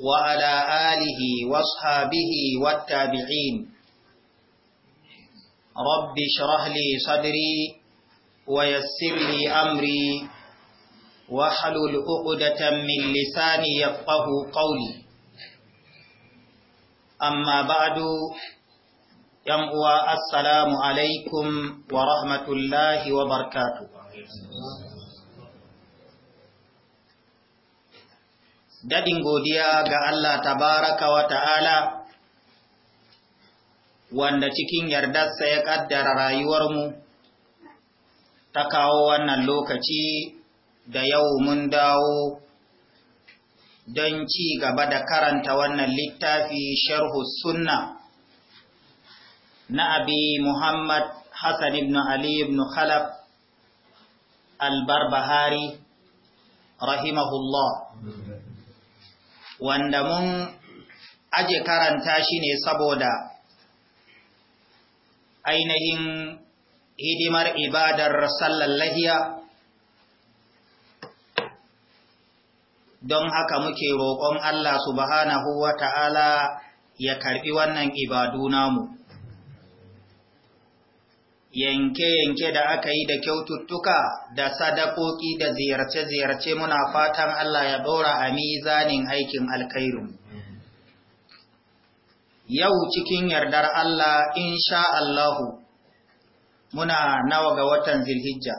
وعلى آله واصحابه والتابعين رب اشرح لي صدري ويسر لي أمري واحلل عقدة من لساني يفقه قولي أما بعد يمقوى السلام عليكم ورحمة الله وبركاته daɗin godiya ga Allah tabaraka wa ta'ala, wanda cikin yardarsa ya ƙaddara rayuwarmu, ta kawo wannan lokaci da yau mun dawo don ci gaba da karanta wannan littafi sharhu sunna na abi Muhammad Hassan ibn Ali ibn Khalaf al-Barbahari rahimahullah. wanda mun aje karanta shi ne saboda ainihin hidimar ibadar sallallahiya don haka muke roƙon Allah subhanahu wa ta'ala ya karɓi wannan ibadu namu. yanke-yanke da aka yi da kyaututtuka da sadakoki da ziyarce-ziyarce muna fatan Allah ya ɗora a mizanin aikin alkhairun. Yau cikin yardar Allah, insha Allahu, muna nawa ga watan zilhijja,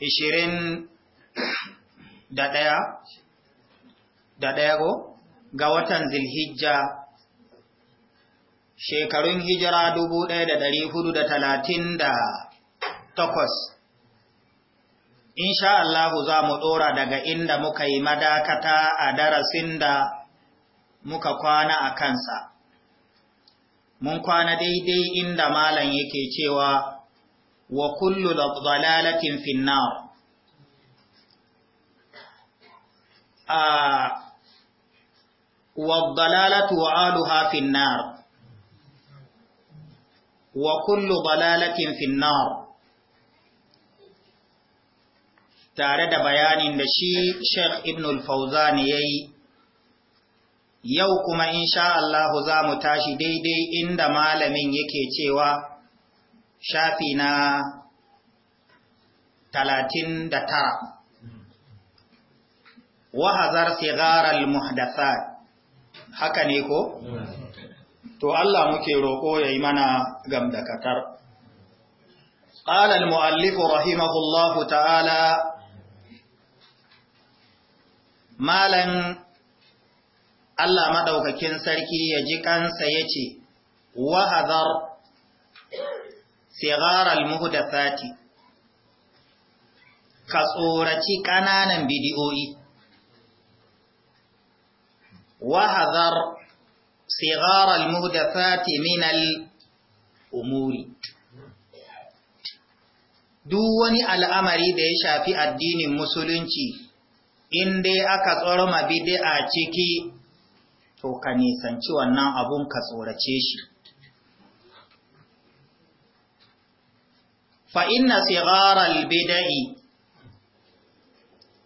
ishirin da ɗaya, da ga watan zilhijja shekarun hijira dubu ɗaya da da ɗari talatin 1438 insha Allahu za mu ɗora daga inda muka yi madakata a darasin da muka kwana a kansa. Mun kwana daidai inda malam yake cewa wa kullu dalalatin finnar. A wa dalalatu wa aluha finnar. wa kullu balalatin finnar tare da bayanin da shi Sheikh Ibn al-Fawzan yayi yau kuma insha Allah za mu tashi daidai inda malamin yake cewa shafi na 39 wa hazar sigar al-muhdathat haka ne ko to Allah muke roƙo ya yi mana gamdakatar. قال المؤلف رحمه الله تعالى مالا Allah maɗaukakin sarki ya ji kansa ya ce, Wahazar sigaral muhdathati ka tsoraci ƙananan bidiyoyi, wahazar صغار المهدفات من الأمور duk wani al'amari da ya shafi addinin musulunci in dai aka tsorma bid'a ciki to ka nisanci wannan abun ka tsorace shi Fa'inna inna bida'i. bid'i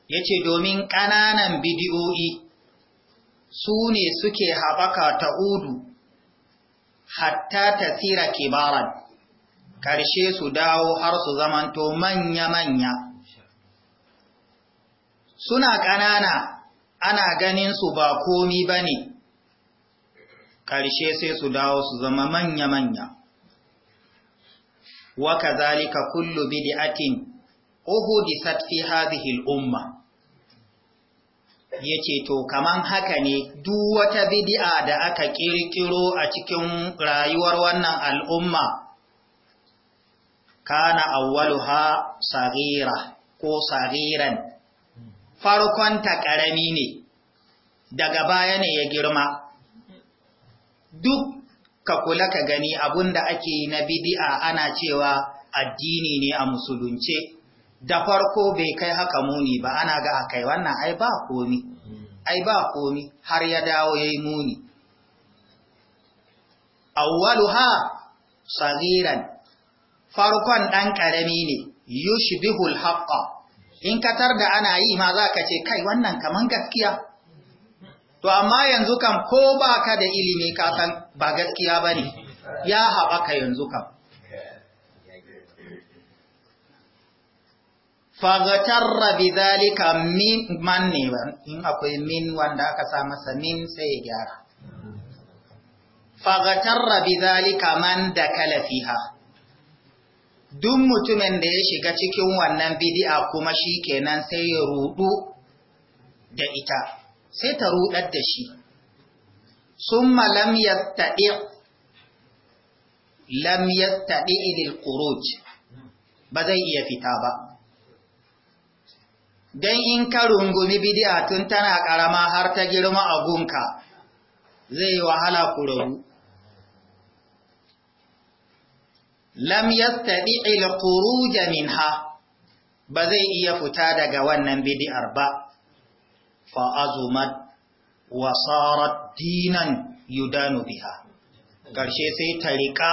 yace domin ƙananan bidiyo'i su ne suke haɓaka ta udu hatta ta tsira kibaran ƙarshe su dawo har su zamanto manya-manya suna ƙanana ana ganin su ba komi ba ne ƙarshe sai su dawo su zama manya-manya waka zalika kullu bid'atin uhudisat fi hadhihi al-umma ya ce to kaman haka ne duk wata bidi'a da aka ƙirƙiro a cikin rayuwar wannan al'umma kana awwaluha saghira ko sareran? Farkonta ƙarami ne daga baya ne ya girma duk ka kula ka gani da ake na bidi'a ana cewa addini ne a musulunce da farko bai kai haka muni ba ana ga akai wannan ai ba komi ai ba komi har ya dawo yayi muni ha! saghiran farkon ɗan karami ne yushbihul haqqa in katar da ana yi ma za ka ce kai wannan kaman gaskiya to amma yanzu kam ko baka da ilimi ka san ba gaskiya bane ya haɓaka yanzu kam fagatarra bi zalika min man ne in akwai min wanda aka sa masa min sai ya gyara fagatarra bi zalika man da kalafiha duk mutumin da ya shiga cikin wannan bidi'a kuma shi kenan sai ya rudu da ita sai ta rudar da shi summa lam yattadi' lam yattadi' lil khuruj ba zai iya fita ba don in ka rungumi bidiya tun tana ƙarama har ta girma a gunka zai wahala ku rabu. Lam yastaɗi jamin ha, ba zai iya fita daga wannan bidiyar ba, fa'azumat wasarar dinan yudanu biha. Ƙarshe sai ta riƙa,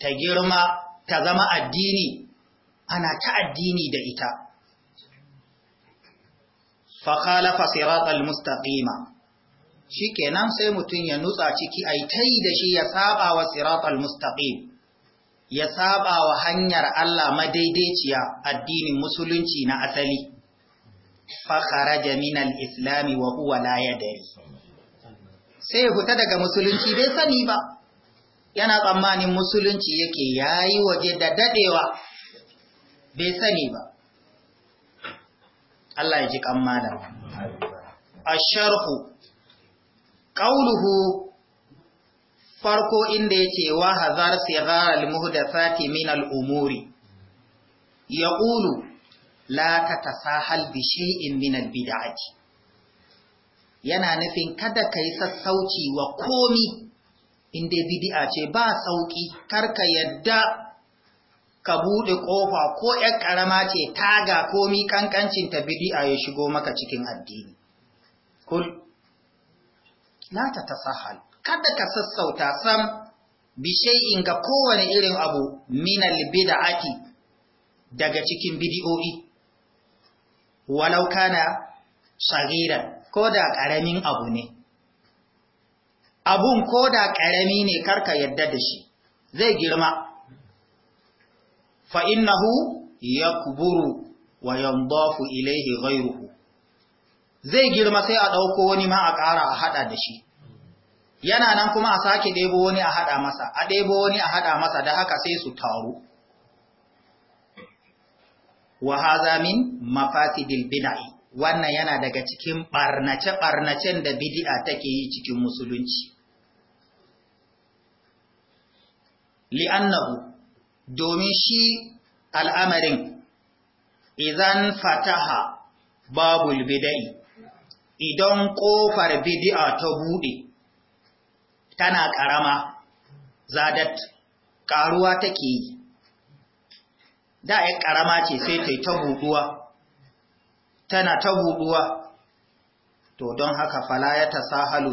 ta girma, ta zama addini, ana ta addini da ita. faƙalafa siratal mustaqima shi kenan sai mutum ya nutsa ciki a tai da shi ya saba wa siratal mustaqim ya saba wa hanyar Allah madaidaiciya addinin musulunci na asali fakharaja minal islami wa huwa dare. sai ya fita daga musulunci bai sani ba yana tsammanin musulunci yake yayi waje da dadewa bai sani ba Allah ya ji kan malam asharhu qauluhu farko inda yace wa hazar sighar al muhdathati min al umuri yaqulu la tatasahal bi shay'in min al bid'ati yana nufin kada kai sassauci wa komi inda bid'a ce ba sauki karka yadda ka buɗe ƙofa ko ‘yar ƙarama ce taga komi ƙanƙancin ta bidi'a ya shigo maka cikin addini. Kul, ta tasahal, kada ka sassauta sam in ga kowane irin abu minal bida'ati daga cikin bidi'o'i, walau kana shagiran ko da ƙaramin abu ne. Abun ko da ƙarami ne karka yadda da shi, zai girma. Fa'innahu innahu yakburu wa yandafu ilaihi ghayruhu zai girma sai a ɗauko wani ma a ƙara a haɗa da shi yana nan kuma a sake ɗebo wani a haɗa masa, a ɗebo wani a haɗa masa da haka sai su taru. Wa min mafasidil bida'i, wannan yana daga cikin ɓarnace-ɓarnacen da bidi'a take yi cikin musulunci. Li'annahu, domin shi al'amarin idan fataha babul bida'i idan ƙofar bidi'a ta buɗe tana ƙarama zadat ƙaruwa take yi da ya ƙarama ce sai ta ta tana ta buɗuwa to don haka fala ya ta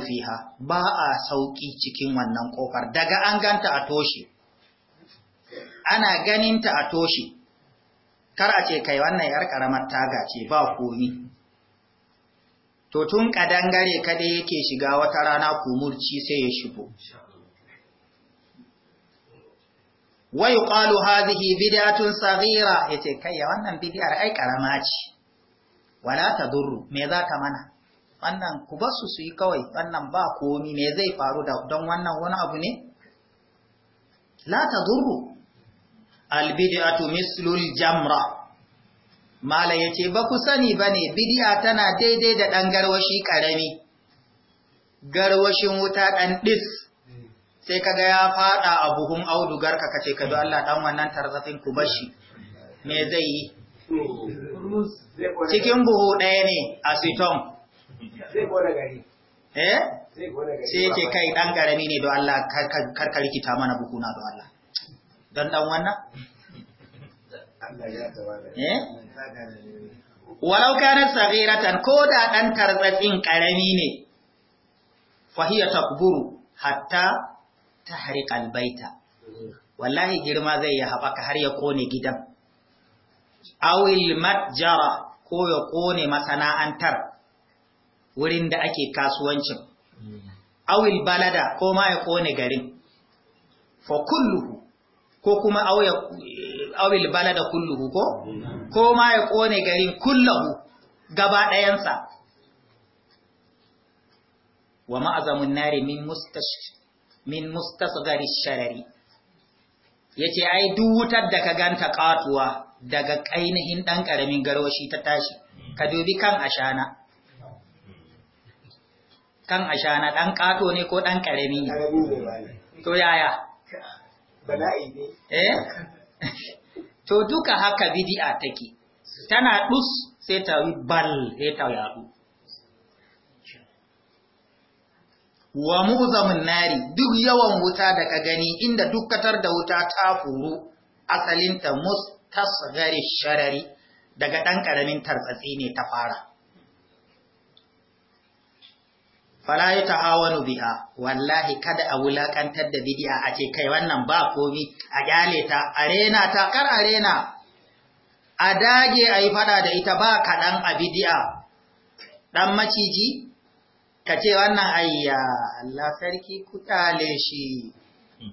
fiha ba a sauƙi cikin wannan ƙofar daga an ganta a toshe ana ganinta a toshe kar a ce kai wannan yar karamar taga ce ba komi to tun kadangare kada yake shiga wata rana kumurci sai ya shigo wa yuqalu hadhihi bid'atun saghira yace kai wannan bid'ar ai karama ce wala ta duru, me za ta mana wannan ku basu su yi kawai wannan ba komi me zai faru da don wannan wani abu ne la ta duru. albid'atu mislul jamra mala yace ba ku sani bane Bidiya tana daidai da ɗan garwashi karami garwashin wuta dan dis sai kaga ya fada a buhun audugar ka kace ka do Allah dan wannan tarzafin ku bashi me zai yi cikin buhu ɗaya ne a siton eh? sai ke kai ɗan karami ne do Allah rikita mana bukuna do Allah don dan wannan? Eh? Walau kana tsagiratan ko da ɗan tarzatsin ƙarami ne, fahiyar takburu hatta ta hari wallahi girma zai ya haɓaka har ya kone gidan. Awil matjara ko ya kone masana'antar wurin da ake kasuwancin. Hmm. Awil balada ko ma ya kone garin. Fa kulluhu ko kuma awil balada kulluhu ko ko ma ya kone garin kullahu gaba ɗayansa wa ma'azamun nari min mustash min sharari. sharari yace ai duk wutar da ka ganta katuwa daga kainihin dan karamin garwashi ta tashi ka dubi kan ashana kan ashana dan kato ne ko dan karami to yaya Eh? To duka haka bidi'a take, tana ɗus sai ta yi bal sai ta yaɗu. Wa muzamin nari duk yawan wuta da ka gani inda dukkatar da wuta ta furu asalinta Mus mustasgari sharari daga ɗan ƙaramin tartsatsi ne ta fara. fala ya tahawanu biha wallahi kada a wulakantar da bidiya a ce kai wannan ba komi a kyale ta arena ta kar arena a dage a yi fada da ita ba kaɗan a bid'a dan maciji ka ce wannan ayya Allah sarki ku shi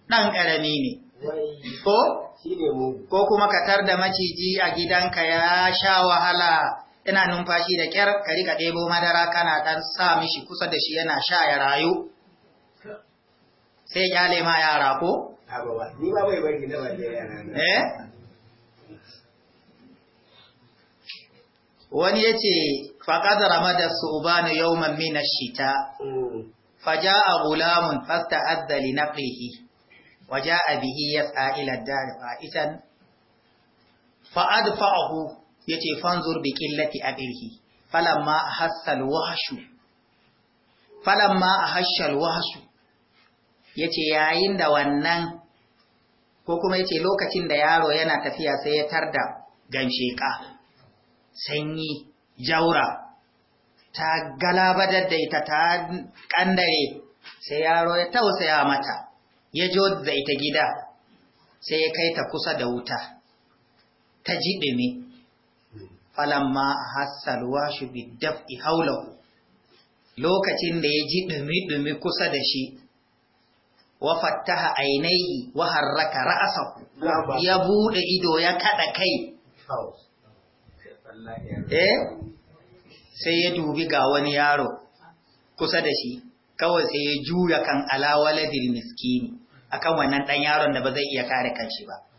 dan karami ne ko ko kuma ka tar da maciji a gidanka ya sha wahala ina numfashi da kyar ka riga ɗebo madara kana ɗan sa mishi kusa da shi yana sha ya rayu sai kyale ma yara ko? ni ba bai bari na ba eh wani ya ce faƙad ramada su ubanu mammi na shita mm. faja a gulamun fasta azzali na ƙihi waja a bihi ya tsa'ila da fa'isan fa'ad fa'ahu yace fanzur bi qillati abirhi falamma hassal wahshu falamma hashal wahshu yace yayin da wannan ko kuma yace lokacin da yaro yana tafiya sai ya tarda gansheka sanyi jaura ta galabadar da ita ta kandare sai yaro ya tausaya mata ya jo da ita gida sai ya kai ta kusa da wuta ta ɗumi falamma a hassalwa shi biddaf ihaulahu lokacin da ya ji ɗumi-ɗumi kusa da shi wa fattaha ainihi wa harraka ra'asahu ya bude ido ya kada kai eh sai ya dubi ga wani yaro kusa da shi kawai sai ya juya kan alawaladil miskini akan wannan dan yaron da ba zai iya kare kanshi ba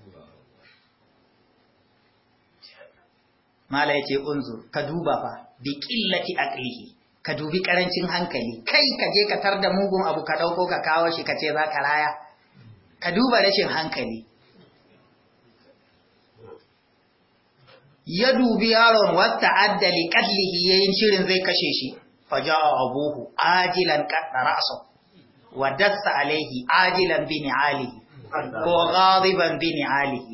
mala yace unzur ka duba fa bi qillati aqlihi ka dubi karancin hankali kai ka je ka tar da mugun abu ka dauko ka kawo shi ka ce za ka raya ka duba rashin hankali ya dubi yaron wata addali katlihi yayin shirin zai kashe shi faja'a abuhu ajilan qadda ra'sa wa dassa alaihi ajilan bi ni'alihi ko ghadiban bi ni'alihi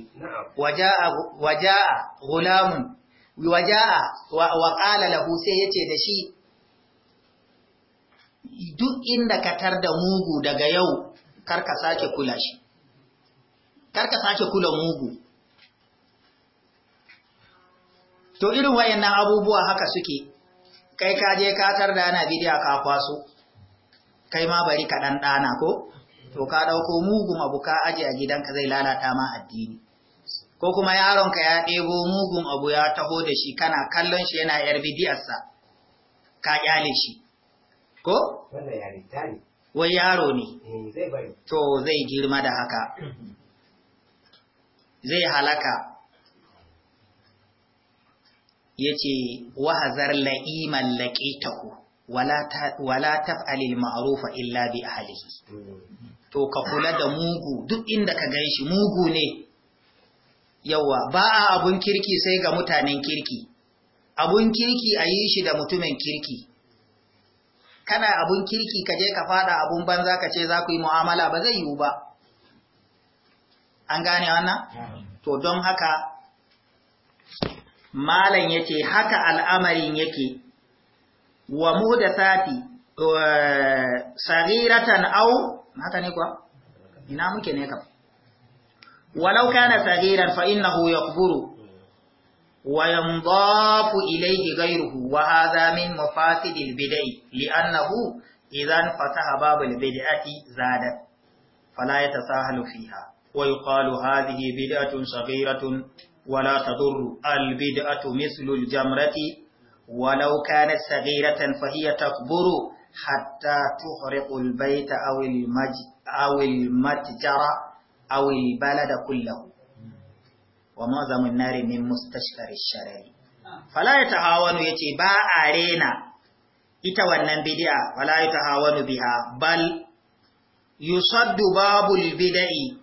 waja'a a. Gulamun. waja'a wa qala lahu sai yace da shi duk inda ka tar da mugu daga yau kar ka sake kula shi kar sake kula mugu to irin wayannan abubuwa haka suke kai ka je ka tar da ana bidiya ka kwaso kai ma bari ka dan dana ko to ka dauko mugun abu ka aje a gidanka zai lalata ma addini ko kuma yaronka ya ɗebo mugun abu ya taho da shi kana kallon shi yana yar bidiyarsa ka kyale shi ko? wanda ne wai yaro ne eh, to zai girma da haka zai halaka ya ce wahazar la'iman laƙitahu wala taf'alil ma'arufa illa bi ahalihi hmm. to ka kula da mugu duk inda ka gan shi mugu ne Yawwa, ba a abun kirki sai ga mutanen kirki, abun kirki a yi shi da mutumin kirki. Kana abun kirki ka je ka fada abun banza ka ce za ku yi mu'amala ba zai yiwu ba. An gane wannan? To don haka, Malam ya haka al'amarin yake, wa mu da sati, eh, sariratan au, haka ne kuwa? Ina muke ne kafa ولو كان صغيرا فإنه يكبر وينضاف إليه غيره وهذا من مفاسد البدع لأنه إذا فتح باب البدعة زادت فلا يتساهل فيها ويقال هذه بدعة صغيرة ولا تضر البدعة مثل الجمرة ولو كانت صغيرة فهي تكبر حتى تحرق البيت أو, المتجر أو awil balada kullahu wa mazamin nari min mustashkar sharari fala ya tahawanu yace ba a rena ita wannan bid'a fala ya tahawanu biha bal yusaddu babul bid'i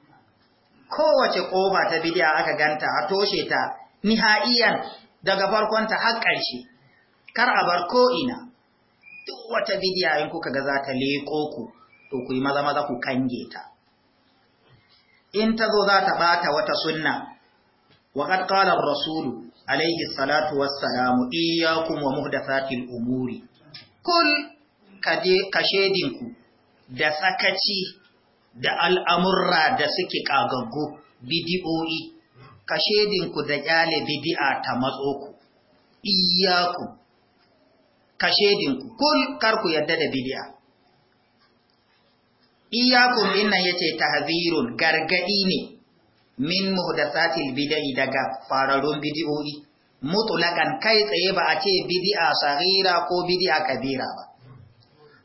kowace kofa ta bid'a aka ganta a toshe ta nihaiyan daga farkon ta har ƙarshe kar a bar ko ina duk wata bid'a in kuka ga za ta leko ku to ku yi maza maza ku kange ta in ta zo za ta ɓata wata sunna wa qad rasulu alayhi salatu wassalamu iyyakum wa muhdathatil umuri kul kaje kashedinku da sakaci da al'amurra da suke kagaggu bidi'o'i kashedinku da kyale bidi'a ta matso ku iyyakum kashedinku kul karku yadda da bidi'a iyakun dinnan yace tahzirun gargadi ne min muhdathatil bid'i daga fararun bid'o'i mutlaqan kai tsaye ba a ce bid'a saghira ko bid'a kabira ba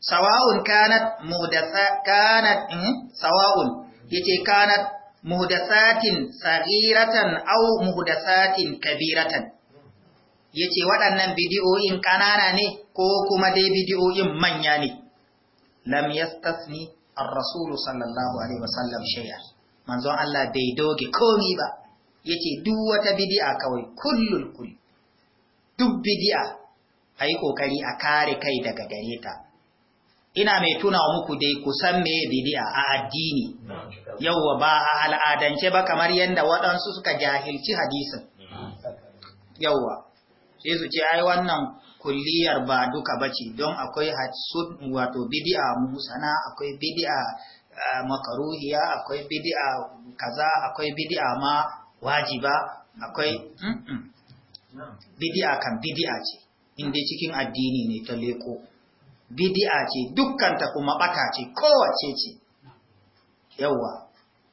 sawa'un kanat muhdatha kanat hmm, sawa'un yace kanat muhdathatin saghiratan aw muhdathatin kabiratan yace waɗannan bidiyoyin ƙanana ne ko kuma dai bidiyoyin manya ne lam yastasni ar-rasulu sallallahu alaihi wasallam shay'a manzon Allah bai doge komi ba yace duk wata bid'a kawai kullul kul duk bid'a ayi kokari a kare kai daga gare ta ina mai tuna muku dai kusan me bid'a a addini yawwa ba a al'adance ba kamar yanda waɗansu suka jahilci hadisin mm. yawwa sai su ce ai wannan kulliyar ba duka bace don akwai hatsun wato bid'a musana akwai bid'a eh, makaruhiya akwai bid'a kaza akwai bid'a ma wajiba akwai mm, mm. kan bid'a ce inda cikin addini ne ta leko bid'a ce dukkanta kuma bata ce kowace ce yawa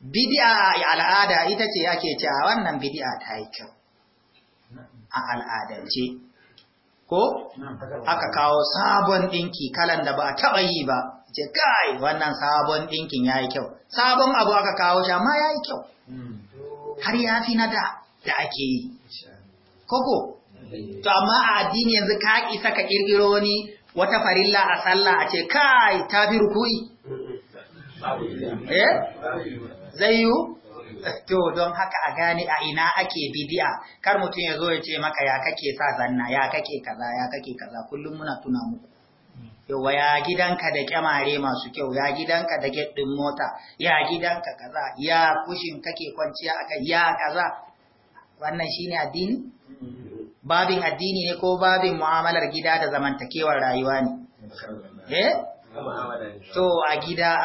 bid'a al'ada ita ce ake ce a wannan bid'a ta yi kyau a al'adance ko aka kawo sabon ɗinki kalan da ba a taba yi ba je kai wannan sabon ɗinkin yayi kyau sabon abu aka kawo shi amma ya kyau hmm. har ya fi na da da ake yi koko eh. to amma a addini yanzu ka ki saka ƙirƙiro wani wata farilla a sallah a ce kai ta fi rukui eh, eh? zai yiwu to don haka a gane a ina ake bidiya kar mutum ya zo ya ce maka ya kake sa zanna ya kake kaza ya kake kaza kullum muna tuna muku yawa ya gidanka da kyamare masu kyau ya gidanka da gidin mota ya gidanka kaza ya kushin kake kwanciya aka ya kaza wannan shine addini babin addini ne ko babin mu'amalar gida da zamantakewar rayuwa ne eh to a gida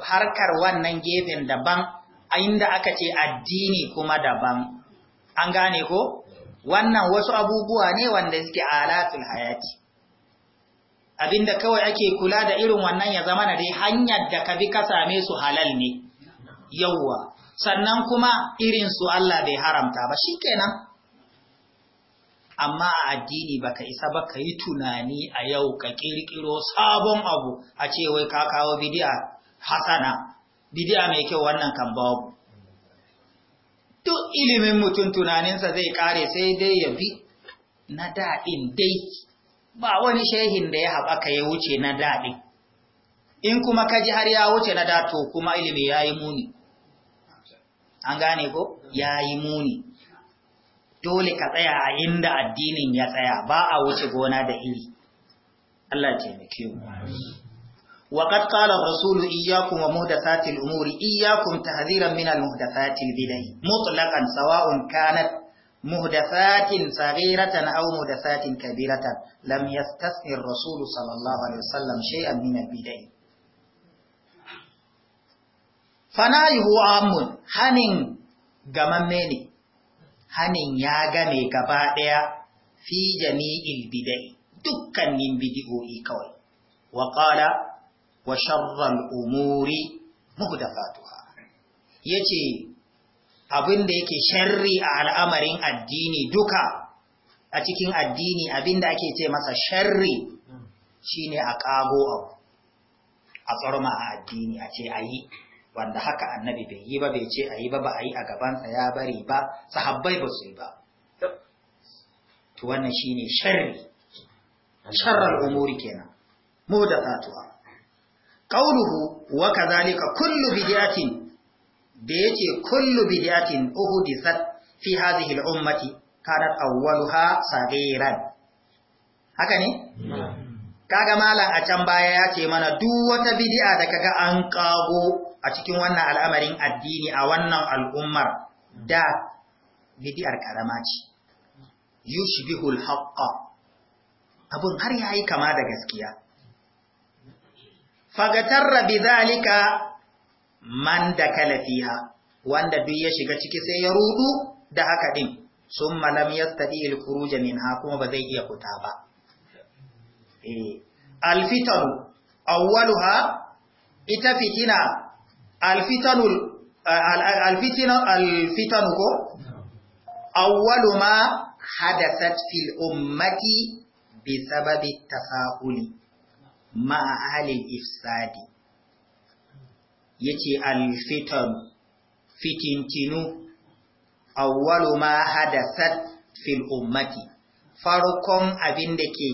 harkar wannan gefen daban inda aka ce addini kuma daban an gane ko wannan wasu abubuwa ne wanda suke alatul hayati abinda kawai ake kula da irin wannan ya zama na dai hanyar da ka bi ka same su halal ne yawwa sannan kuma irin su Allah bai haramta ba shikenan amma a addini baka isa ba ka yi tunani a yau ka kirkiro sabon abu a ce wai ka kawo bidi'a hasana bidiya mai kyau wannan kan babu duk ilimin mutum tunaninsa zai kare sai dai ya bi na daɗin dai ba wani shehin da ya haɓaka ya wuce na daɗin in kuma ka ji har ya wuce na dato kuma ilimi ya yi muni an gane ko ya yi muni dole ka tsaya a inda addinin ya tsaya ba a wuce gona da iri Allah ce mu وقد قال الرسول إياكم ومهدثات الأمور إياكم تحذيرا من المهدثات البدعي مطلقا سواء كانت مهدثات صغيرة أو مهدثات كبيرة لم يستثن الرسول صلى الله عليه وسلم شيئا من البدعي فنايه عام هنين gamamene هنين ياغمي game في جميع البدعي دكا من بدعوه كوي وقال wa sharral umuri muhdathatuha yace abin da yake sharri a al'amarin addini duka a cikin addini abinda ake ce masa sharri shine a kago abu a tsarma a addini a ce ayi wanda haka annabi bai yi ba bai ce ayi ba ba ayi a gabansa ya bari ba sahabbai ba su yi ba to wannan shine sharri sharral umuri kenan muhdathatuha ƙauluhu wa kazalika kullu bidiyatin da ce kullu bidiyatin uhudisat fi hadhihi al-ummati kanat awwaluha sagiran haka ne kaga malam a can baya ya ce mana duk wata bid'a da kaga an kago a cikin wannan al'amarin addini a wannan al'ummar da bid'ar karama ce yushbihul haqqa abun har yayi kama da gaskiya fagatarra bi zalika man da kalafiha wanda duk ya shiga ciki sai ya rudu da haka din sun malam ya stadi ilkuruja min ha kuma ba zai iya fita ba eh. alfitaru ha, ita fitina alfitanul alfitinu alfitanu ko awwalu ma hadasat fil ummati bi sababi tasahuli ma'a halin ifsadi ya ce alfitan fitintinu awwalu ma hadasat fil ummati farkon abin da ke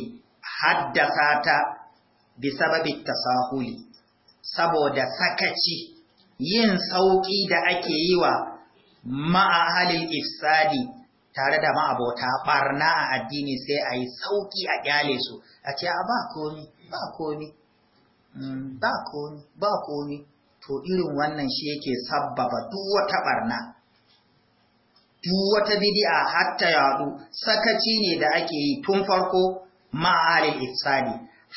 haddasa ta bisababi tasahuli saboda sakaci yin sauƙi da ake yi wa ma'ahalin ifsadi tare da ma'abota barna a addini sai a yi sauƙi a kyale su a ce ba komi ba komi mm, ba komi ba komi to irin wannan shi yake sabbaba duk wata barna duk wata bid'a hatta yadu sakaci ne da ake yi tun farko ma'alil ifsadi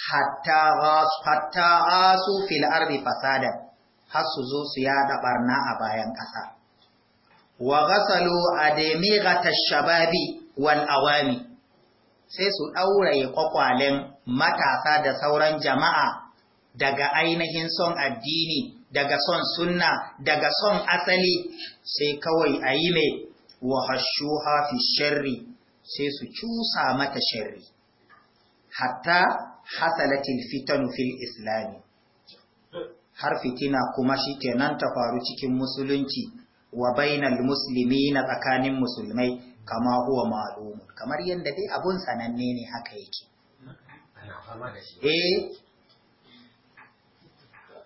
hatta ghasu hatta asu fil ardi fasada har su zo su yada barna a bayan ƙasa wa a ademighata shababi wal awami sai su ɗauraye kwakwalen matasa da sauran jama'a daga ainihin son addini daga son sunna daga son asali sai kawai a yi mai wa hashuha fi sharri sai su cusa mata sharri hatta hasalatil fitanu fil islami har fitina kuma shi ta faru cikin musulunci wa bainal na tsakanin musulmai kama huwa ma'lumun kamar yadda dai abun sananne ne haka yake eh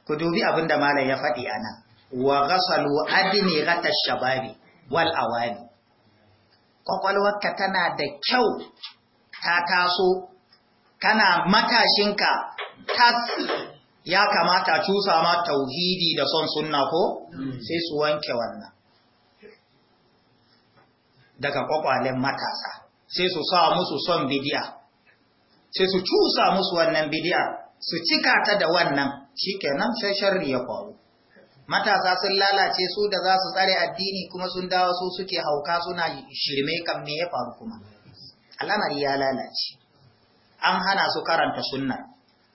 ku dubi abinda malam ya faɗi ana wa ghasalu adni ghatash shababi wal awani kwakwalwarka tana da kyau ta taso kana matashinka tas ya kamata cusa ma tauhidi da son sunna ko hmm. sai su wanke wannan daga kwakwalen matasa sai su sa musu son bidiya sai su cusa musu wannan bidiya su cika ta da wannan shikenan sai sharri ya faru matasa sun lalace su da za su tsare addini kuma sun dawo su suke hauka suna shirme kan me ya faru kuma al'amari ya lalace an hana su karanta sunna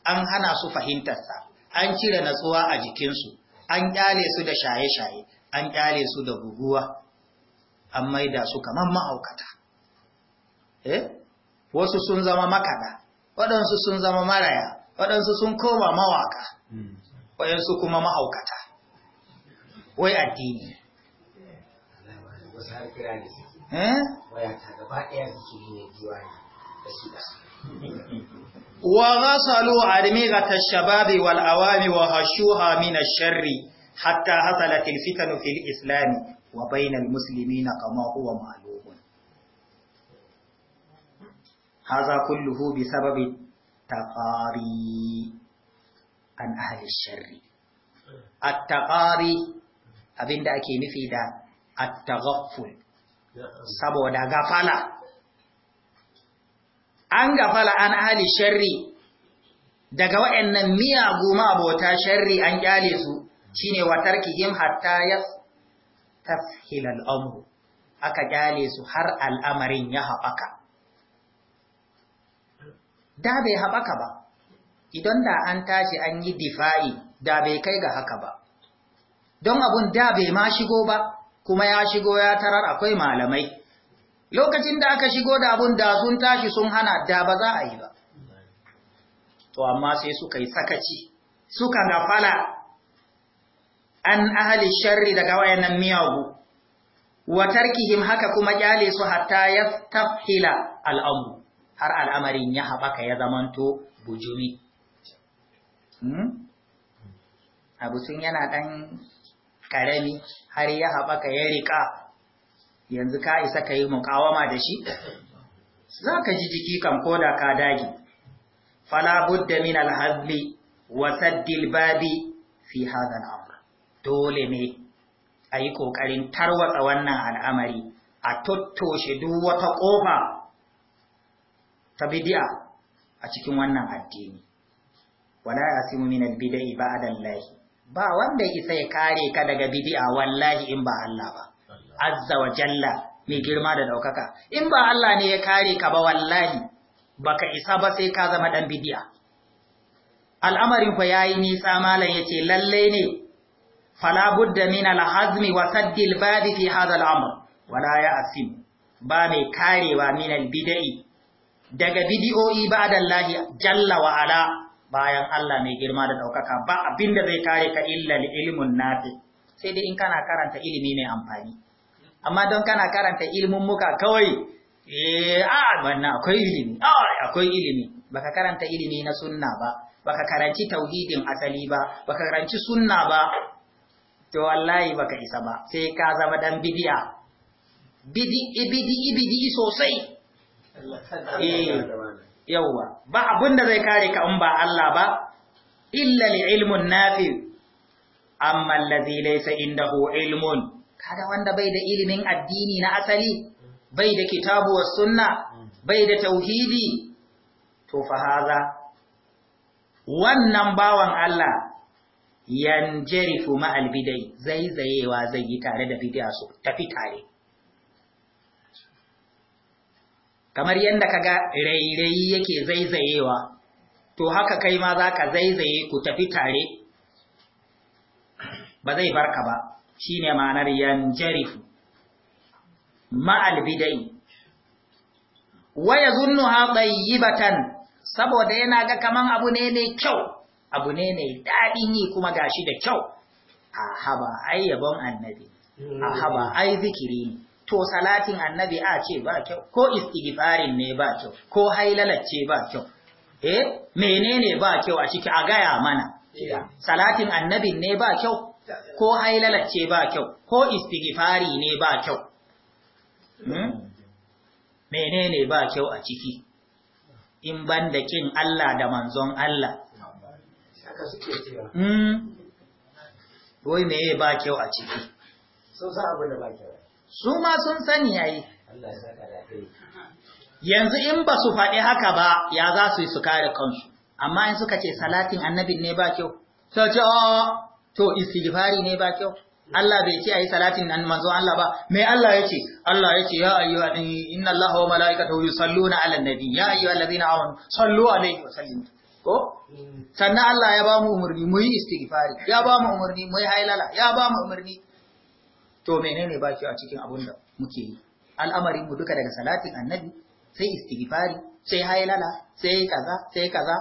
an hana su fahimtarsa an cire natsuwa a jikinsu an kyale su da shaye-shaye an kyale su da guguwa an maida su kamar ma'aukata. eh wasu sun zama makada waɗansu sun zama maraya waɗansu sun koma mawaka waɗansu kuma ma'aukata. wai addini eh? wa ghasalu ga ta shababi wal awami wa hashuha min ash-sharri hatta hasalat al-fitan fil islami. wa bainal na kama huwa ma'lumun hadha kulluhu bi sababi taqari an ahli sharri at-taqari abinda ake nufi da at-taghafful saboda gafala an gafala an ahli sharri daga waɗannan miyagu abota sharri an kyale su shine wa tarkihim hatta yastashil al'amru aka kyale su har al'amarin ya haɓaka da bai haɓaka ba idan da an tashi an yi difa'i da bai kai ga haka ba don abun da bai ma shigo ba kuma ya shigo ya tarar akwai malamai lokacin da aka shigo da abun da sun tashi sun hana da ba za a yi ba to amma sai suka yi sakaci suka fala. an ahli sharri daga wayannan miyagu wa tarkihim haka kuma kyale su hatta yastafhila al'amu. har al'amarin ya haɓaka ya zamanto bujumi hmm? abu sun yana ɗan ƙarami har ya haɓaka ya riƙa yanzu ka isa ka yi muƙawama da shi za ka ji jiki kan koda ka dagi fala budda min alhazli wa saddil babi fi hadha dole ne a yi ƙoƙarin tarwatsa wannan al'amari a tattoshe duk wata ƙofa ta bidiya a cikin wannan addini wala simu min albidai ba'da Allah ba wanda isa ya kare ka daga bidiya wallahi in ba Allah ba azza wa jalla mai girma da daukaka in ba Allah ne ya kare ka ba wallahi baka isa ba sai ka zama ɗan bidiya. al'amarin fa yayi nisa malam ya ce lallai ne fala budda min al-hazmi wa saddil babi fi hadha al-amr wala ya'sim ba mai karewa min al-bid'i daga bid'o'i ba'da Allah jalla wa ala bayan Allah mai girma da daukaka ba abinda zai kare ka illa ilmun nafi sai dai in kana karanta ilimi mai amfani amma don kana karanta ilimin muka kawai eh a wannan akwai ilimi a akwai ilimi baka karanta ilimi na sunna ba baka karanci tauhidin asali ba baka karanci sunna ba to wallahi baka isa ba sai ka zama dan bidiya. bidi ibidi ibidi sosai eh yawa ba da zai kare ka in ba Allah ba illa li ilmun nafi amma allazi laysa indahu ilmun Kada wanda bai da ilimin addini na asali bai da kitabu was sunna bai da tauhidi to fa haza wannan bawan Allah yanjarifu ma'al bidai zaizayewa zai yi tare da bid'a su tafi tare kamar yadda kaga rairayi yake zaizayewa to haka kai ma za zaka zaizaye ku tafi tare ba zai barka ba shine ma'anar yanjarifu ma'al bidai wa yazunnuha tayyibatan saboda yana ga kaman abu ne mai kyau abu ne mai daɗin yi kuma gashi da kyau a haba ai yabon annabi a mm. haba ai zikiri ne to salatin annabi a ce ba kyau ko istighfarin ne ba kyau ko hailalace ba kyau eh menene ba kyau a ciki a gaya mana salatin annabi ne ba kyau ko hailalace ba kyau ko istighfari ne ba kyau hmm? menene ba kyau a ciki in ban da kin Allah da manzon Allah haka suke cewa hmm. me ba kyau a ciki sun san abin da ba kyau su ma sun sani yayi yanzu in ba su faɗi haka ba ya za su yi su kare kansu amma in suka ce salatin annabin ne ba kyau sai ce a to istighfari ne ba kyau Allah bai ce ayi salatin nan manzo Allah ba me Allah ce? Allah ce ya ayyuha inna Allaha wa malaikatahu yusalluna na nabi ya ayyuhallazina amanu sallu alayhi wa sallimu ko sannan Allah ya ba mu umarni mu yi istighfari ya ba mu umarni mu yi hailala ya ba mu umarni to menene ba ki a cikin abin da muke yi al'amari mu duka daga salatin annabi sai istighfari sai hailala sai kaza sai kaza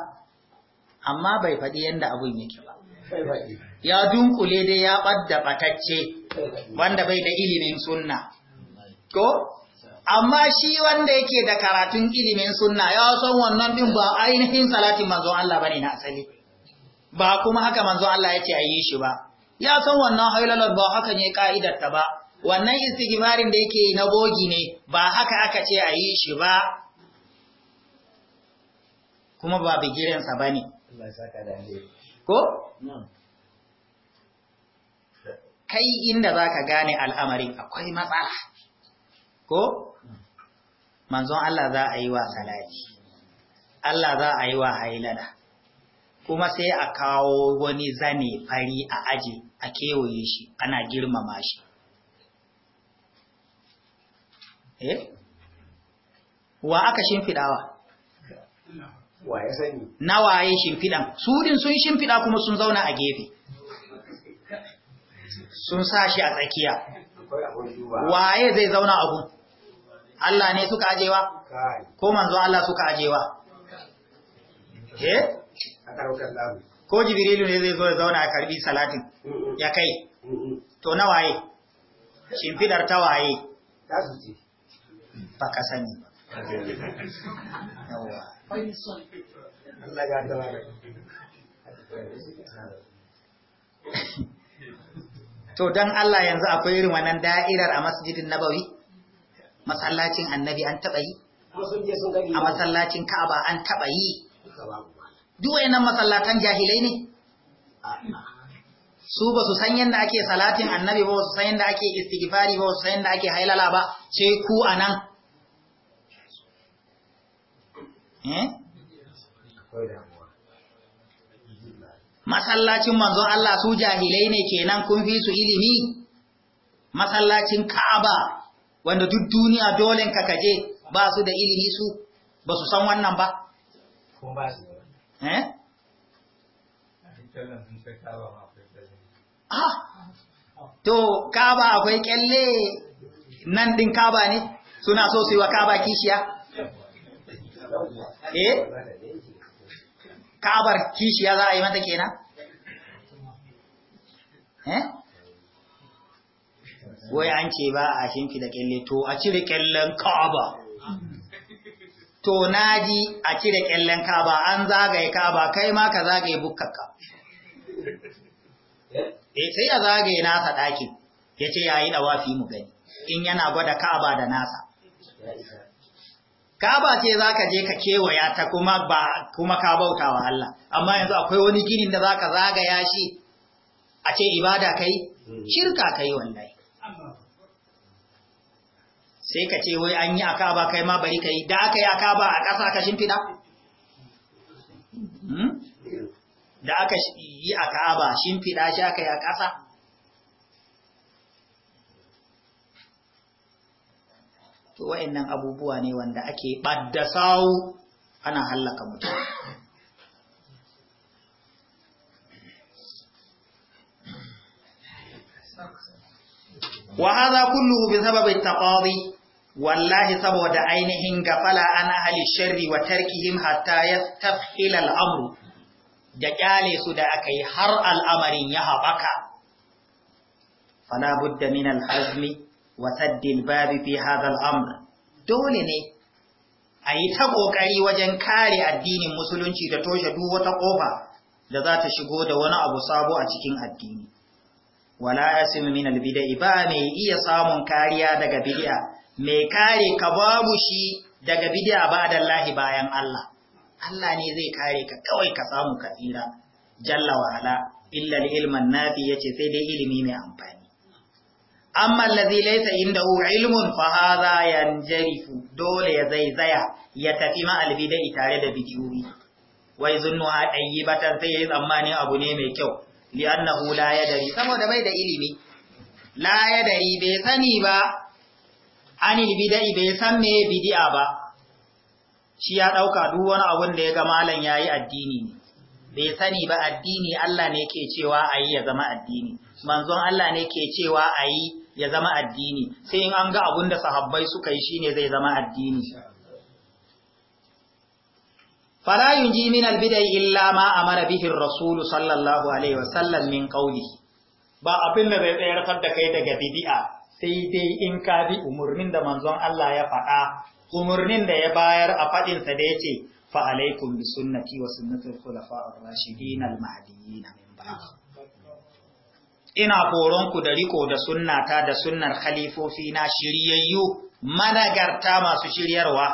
amma bai faɗi yanda abun yake ba ya dunkule dai ya ɓadda batacce wanda bai da ilimin sunna ko amma shi wanda yake da karatun ilimin sunna ya san wannan din ba ainihin salatin manzon Allah bane na asali ba kuma haka manzon Allah yace ayi shi ba ya san wannan hailalar ba haka ne ka'idar ta ba wannan istighfarin da yake na bogi ne ba haka aka ce ayi shi ba kuma ba bigiren sa bane ko kai inda zaka gane al'amarin akwai matsala ko manzon Allah za a yi wa salati Allah za a yi wa hailada kuma sai a kawo wani zane fari a aji a kewaye shi ana girmama shi eh wa aka shimfidawa wa na waye shimfidan su din sun shimfida kuma sun zauna a gefe sun sa shi a tsakiya waye zai zauna abu? Allah ne suka ajewa ko manzo Allah suka ajewa eh ko jibrilu ne zai zo ya zauna a karbi salatin ya kai to na waye shimfidar ta waye ba sani to don Allah yanzu akwai irin wannan da'irar a masjidin nabawi? masallacin annabi an taɓa yi a masallacin ka'aba an taɓa yi duk wayannan masallatan jahilai ne su ba su san yadda ake salatin annabi ba su san yadda ake istighfari ba su san yadda ake hailala ba sai ku anan eh masallacin manzon Allah su jahilai ne kenan kun fi su ilimi masallacin Ka'aba wanda duk duniya dole ka kaje ba su da ilimi su ba su san wannan ba eh ah to kaba akwai kyalle nan din kaba ne suna so su yi wa kaba kishiya eh kabar kishiya za a yi mata kenan eh wai an ce ba a shimfida kyalle to a cire kyallen kaba to naji a cire kyallen kaba an zagaye kaba kai ma ka zagaye bukkaka eh sai ya zagaye nasa ɗakin ya ce yayi dawafi mu gani in yana gwada kaba da nasa Kaba ce za ka je ka kewaya ta kuma ba kuma ka bauta wa Allah, amma yanzu akwai wani ginin da za ka zagaya shi a ce ibada kai, shirka kai wallahi. sai ka ce wai an yi akaba kai ma bari ka yi da aka yi akaba a ƙasa ka shimfiɗa hmm? da aka yi akaba shimfiɗa shi aka yi a ƙasa to wa'annan abubuwa ne wanda ake ɓadda sawu ana hallaka mutum wa hadha kulluhu bi sababi taqadi wallahi saboda ainihin gafala an ahli sharri wa tarkihim hatta yastafhila al'amru da kyale su da aka yi har al'amarin ya haɓaka fala budda min al-hazmi wa saddil babi fi hadha amr dole ne a yi ta ƙoƙari wajen kare addinin musulunci da toshe duk wata ƙofa da za ta shigo da wani abu sabo a cikin addini wala yasimu min al-bid'a ba mai iya samun kariya daga bid'a mai kare ka babu shi daga bid'a ba da lahi bayan Allah Allah ne zai kare ka kawai ka samu ka tsira jalla wa ala illa ilman nafi yace sai dai ilimi mai amfani amma allazi laysa indahu ilmun fa hadha yanjarifu dole ya zaizaya ya tafi ma albidai tare da bidiyoyi wai zunnu ha batan sai yayi tsammanin abu ne mai kyau li'annahu la yadari saboda bai da ilimi la yadari bai sani ba anil bida'i bai san me bid'a ba shi ya dauka duk wani abun da ya ga malam yayi addini ne bai sani ba addini Allah ne ke cewa ayi ya zama addini manzon Allah ne ke cewa ayi ya zama addini sai in an ga abun da sahabbai suka yi shine zai zama addini fala yunji min albidai illa ma amara bihi ar-rasul sallallahu alaihi wasallam min qawli ba abin da zai tsayar da kai daga bid'a sai dai in ka bi umarnin da manzon Allah ya faɗa umarnin da ya bayar a faɗinsa da ya ce fa'alaikun bi sunnati wa sunnatul khulafa'ur rashidin al-mahdiyyin min ba'd ina ku da riko da sunnata da sunnar khalifofi na shiryayyu managarta masu shiryarwa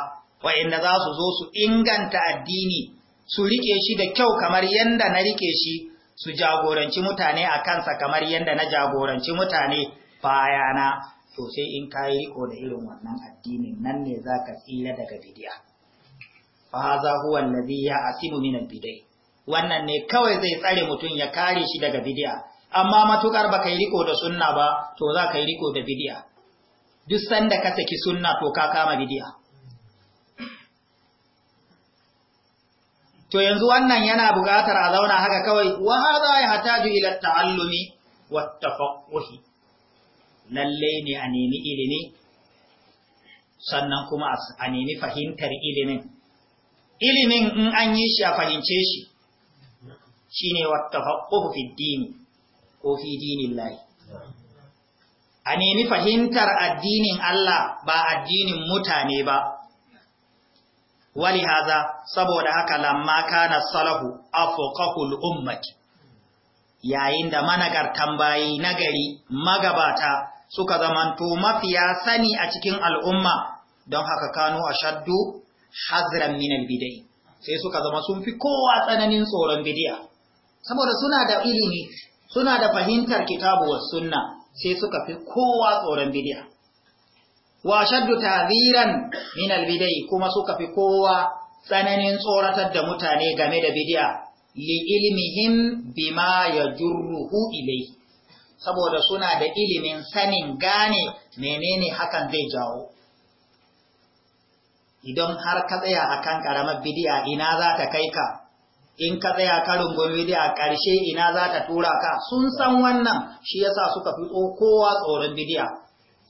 wa'inda za su zo su inganta addini su rike shi da kyau kamar yadda na rike shi su jagoranci mutane a kansa kamar yadda na jagoranci mutane bayana to sai in ka yi ko da irin wannan addinin nan ne za ka tsira daga bidiya fa haza huwa allazi ya asimu min albidai wannan ne kawai zai tsare mutum ya kare shi daga bidiya amma matukar baka yi riko da sunna ba to za ka yi riko da bidiya duk sanda ka saki sunna to ka kama bidiya to yanzu wannan yana buƙatar a zauna haka kawai wa ya hataju ila taallumi wa tafaqquhi lalle ne a nemi ilimi sannan kuma a nemi fahimtar ilimin ilimin in an yi shi a fahimce shi shine wattafaqquhu fi dini ko fi lai. a nemi fahimtar addinin Allah ba addinin mutane ba wali haza saboda haka lamma kana salahu afqahul ummati yayin da managartan bayi nagari magabata suka zamanto mafiya sani a cikin al'umma don haka kano a shaddu hazran minan bidai sai suka zama sun fi kowa tsananin tsoron bidiya saboda suna da ilimi suna da fahimtar kitabu wa sunna sai suka fi kowa tsoron bidiya wa shaddu taziran minal bidai kuma suka fi kowa tsananin tsoratar da mutane game da bidiya li ilmihim bima yajurruhu ilayhi saboda suna da ilimin sanin gane menene hakan zai jawo idan har ka tsaya akan karamar bidiya ina za ta kai ka in ka tsaya karin gwamnati a ƙarshe ina za ta tura ka sun san wannan shi yasa suka fi kowa tsoron bidiya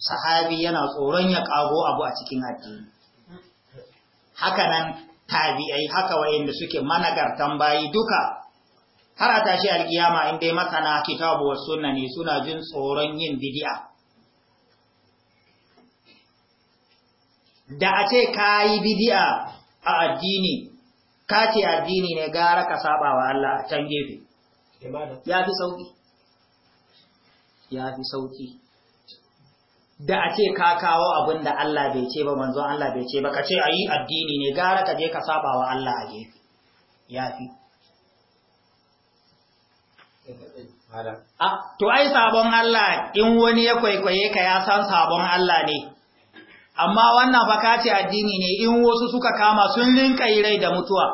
sahabi yana tsoron ya ƙago abu a cikin addini haka nan tabi'ai haka wayanda suke managartan bayi duka har a tashi alkiyama in dai masana kitabu wa sunna ne suna jin tsoron yin bid'a da a ce kayi bid'a a addini ka ce addini ne gara ka saba wa Allah a can gefe ya fi sauki ya fi sauki da a ce ka kawo abin da Allah bai ce ba manzon Allah bai ce ba ka ce a yi addini ne gara ka je ka saba wa Allah a gefe ya fi To, ai, sabon Allah in wani ya kwaikwaye ka ya san sabon Allah ne, amma wannan bakaci addini ne in wasu suka kama sun rinka yi rai da mutuwa,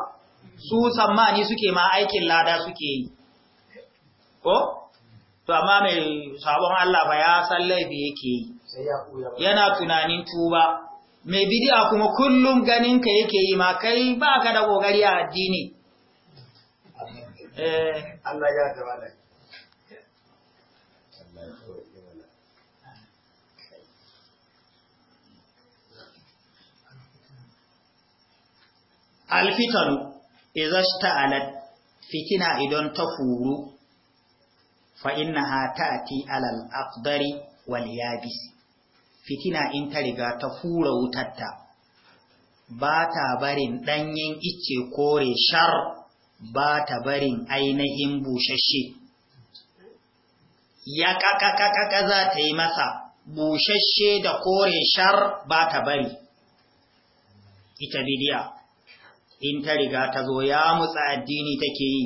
su sammani suke ma aikin lada suke yi. Ko? To, amma mai sabon Allah ba ya san laifi yake yi, yana tunanin tuba, mai bidiya kuma kullum ganin ka yake yi ma kai ba ka da ƙoƙari a addini. Eh. Allah ya alfitanu izashta'alat fitina idan ta furu fa innaha ta'ti alal aqdari wal yabis fitina in ta riga ta fura wutarta ba ta barin danyen icce kore shar ba ta barin ainihin bushashe ya kakakakaka za ta yi masa busheshe da kore shar ba ta bari ita bidiya in ta riga ta zo ya mutsa addini take yi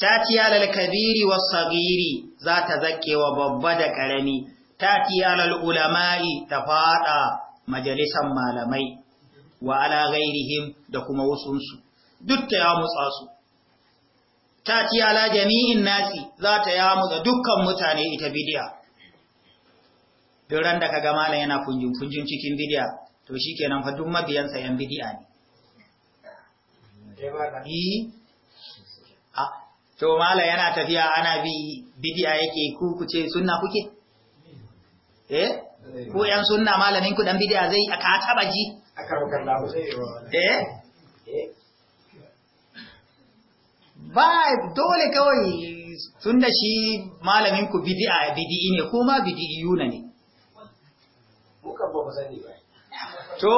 ta ci alal kabiri was sagiri za ta zakke wa babba da karami ta ci alal ulama'i ta fada majalisan malamai wa ala ghairihim da kuma wasunsu duk ta ya mutsa su ta ci ala jami'in nasi za ta ya mutsa dukkan mutane ita bidiya duk ran da kaga malam yana kunjin kunjin cikin bidiya to shikenan fa duk mabiyansa yan bidiya ne to mala yana tafiya ana bi bidiya yake ku kuce sunna kuke eh ku yan sunna malamin ku dan bidiya zai aka taba ji aka zai yi eh ba dole kawai da shi malamin ku bidiya bidi'i ne ko ma yuna ne ku kan ba mu sani ba To,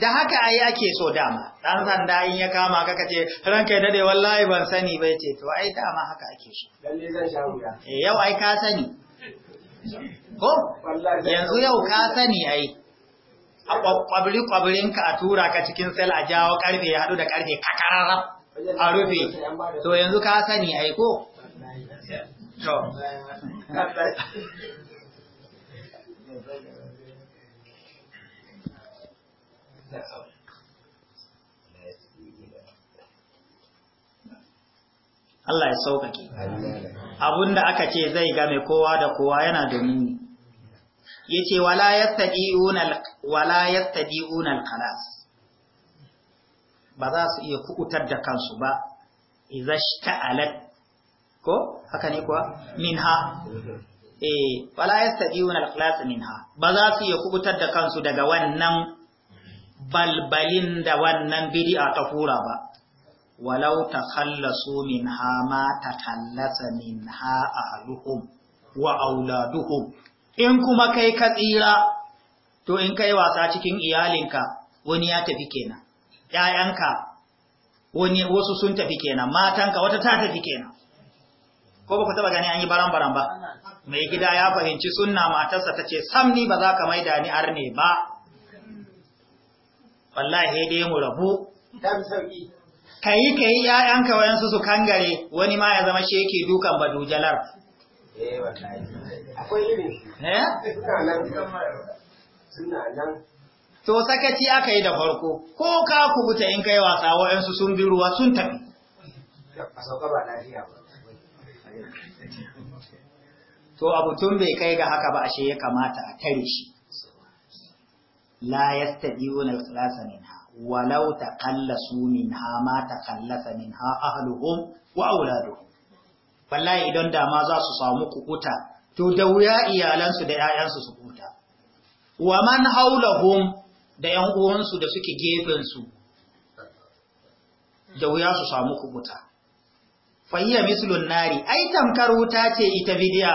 da haka ai ake so dama, ɗan sanda in ya kama kaka ce, ranka dade wallahi ban sani bai ce, to ai dama haka ake so. Lalle zan sha wuya. Eh, yau ai ka sani. Ko? Yanzu yau ka sani ai. A ƙwabri ƙwabrinka a tura ka cikin sel a jawo ƙarfe ya haɗu da ƙarfe kakararraf a rufe. To yanzu ka sani ai ko? To. Allah ya sauƙaƙe. Abun da aka ce zai game kowa da kowa yana domin ni. Ya ce, Wala yattadi'unal kalas, ba za su iya kukutar da kansu ba, izashta'alat, ko? Haka ne kuwa? Min ha. Eh, Wala yattadi'unal kalas min ha, ba za su iya kukutar da kansu daga wannan balbalin da wannan bidi'a ta kura ba walau ta khallasu min ha ma ta tallasa min ha ahluhum wa auladuhum in kuma kai ka tsira to in kai wasa cikin iyalinka wani ya tafi kenan ƴaƴanka wani wasu sun tafi kenan matanka wata ta tafi kenan ko ba ku taba gani an yi baran-baran ba mai gida ya fahimci sunna matarsa ta ce sam ba za ka maida ni arne ba wallahi dai mu rabu dan sauki kayi kayi 'ya'yanka wayan su kangare wani ma ya zama shi yake dukan badujalar eh, eh? to sakaci aka yi da farko ko ka kubuta in kai wasa su sun bi ruwa sun tafi to abu tun bai kai ga haka ba ashe ya kamata a tare shi la yastadiuna al-ikhlasa minha walau taqallasu minha ma taqallasa minha ahluhum wa auladuhum wallahi idan da ma za su samu kukuta to da wuya iyalansu da 'ya'yansu su kuta wa man haulahum da 'yan uwansu da suke gefen su da wuya su samu kukuta fahiya mislun nari ai tamkar wuta ce ita bidiya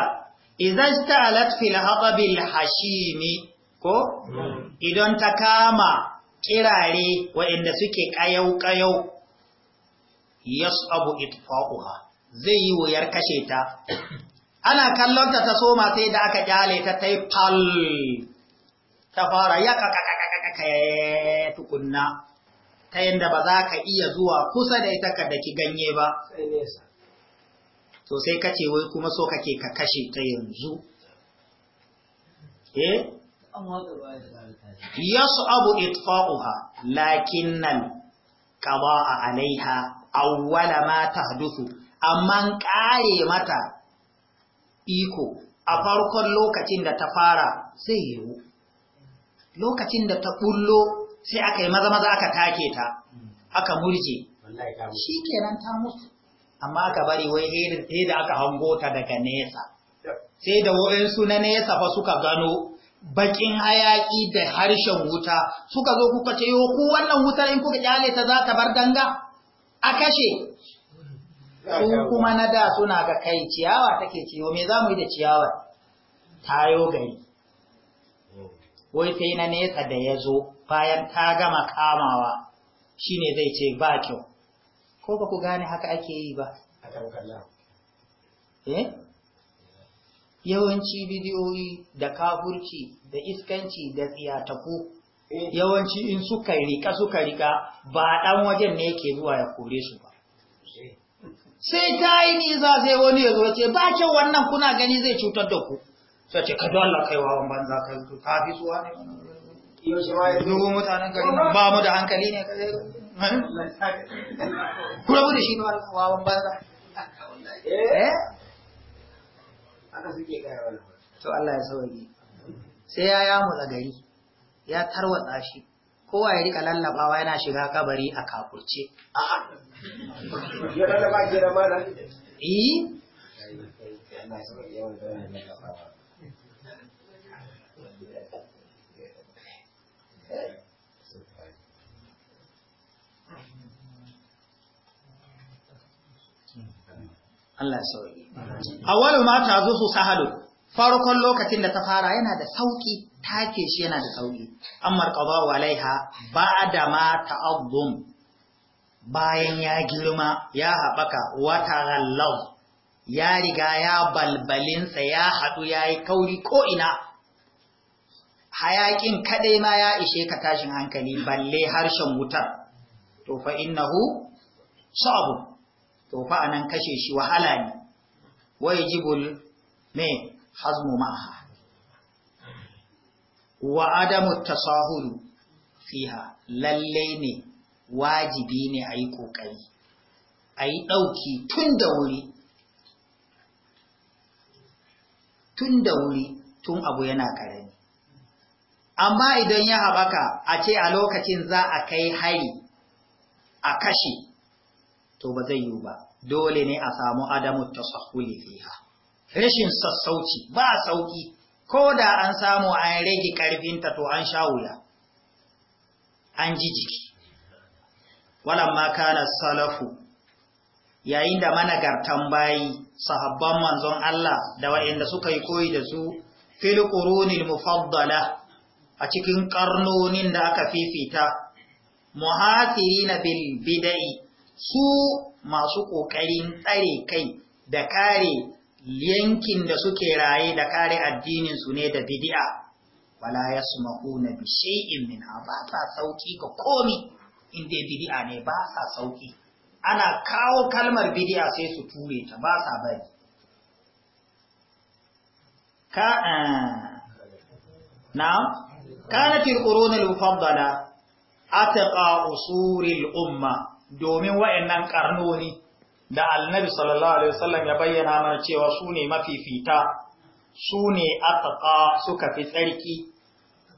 idza sta'alat fil haqabil hashimi ko idan ta kama kirare waɗanda suke ƙayau-ƙayau yas'abu itfa'uha zai yi wuyar kashe ta ana kallon ta ta soma sai da aka kyale ta tai fal ta fara yaka tukunna ta yanda ba za ka iya zuwa kusa da ita ka daki ganye ba to sai kace wai kuma so kake ka kashe ta yanzu eh yas'abu itfa'uha lakinnal qada'a alaiha awwala ma tahdusu amma kare mata iko a farkon lokacin da ta fara sai yiwu lokacin da ta bullo sai aka yi maza maza aka take ta aka murje shi kenan ta mutu amma aka bari wai sai da aka hango ta daga nesa sai da waɗansu na nesa fa suka gano bakin hayaki da harshen wuta suka zo kuka ce yo ku wannan wutar in kuka kyale ta za ta bar danga a kashe su kuma na da suna ga kai ciyawa take ciyo me za mu yi da ciyawar tayo gari wai sai na nesa da ya zo bayan ta gama kamawa shine zai ce ba kyau ko ba ku gane haka ake yi ba a eh yawanci bidiyoyi da kafurci da iskanci da tsiyataku eh. yawanci in suka rika suka rika ba dan wajen ne yake zuwa ya kore su ba sai ta yi nisa sai wani ya zo ce ba kyau wannan kuna gani zai cutar da ku sai ce ka Allah kai wawan banza kai ka fi zuwa ne dogon mutanen gari ba mu da hankali ne ku rabu da shi ne wannan banza eh, eh? haka to Allah ya sauke sai ya yamu gari ya tarwatsa shi kowa ya rika lallabawa yana shiga kabari a kakurce ya lallaba ke da mana Allah sauki awwalu ma su sahalu farkon lokacin da ta fara yana da sauki take shi yana da sauki amma laiha alaiha da ma ta'azzum bayan ya girma ya haɓaka wata ghallahu ya riga ya balbalinsa ya haɗu ya yi kauri ko'ina hayaƙin kaɗai ma ya ishe ka tashin hankali balle harshen wutar to fa innahu sa'abu to fa anan kashe shi wahala ne wai jibul me hazmu ma'aha wa adamu tasahulu fiha lalle ne wajibi ne a yi ƙoƙari a yi ɗauki tun da wuri tun da wuri tun abu yana ƙarami amma idan ya haɓaka a ce a lokacin za a kai hari a kashe to ba zai yiwu ba dole ne a samu adamu ta sahuli fiha rashin sassauci ba sauki ko da an samu an rage ƙarfinta to an sha wula an ji jiki walamma kana salafu yayin da managartan bayi sahabban manzon Allah da waɗanda suka yi koyi da su fil qurunil mufaddala a cikin ƙarnonin da aka fifita na bil bida'i su masu ƙoƙarin tsare kai da kare yankin da suke raye da kare addininsu ne da bidi'a wala ya sumahu na bishe'in mina ba sa sauƙi ga komi inda bidi'a ne ba sa sauƙi ana kawo kalmar bidi'a sai su ture ta ba sa bari ka eh, na kanatil qurunul mufaddala atqa usuril umma domin nan karnoni da annabi sallallahu alaihi wasallam ya bayyana mana cewa su ne mafifita su ne atqa suka fi tsarki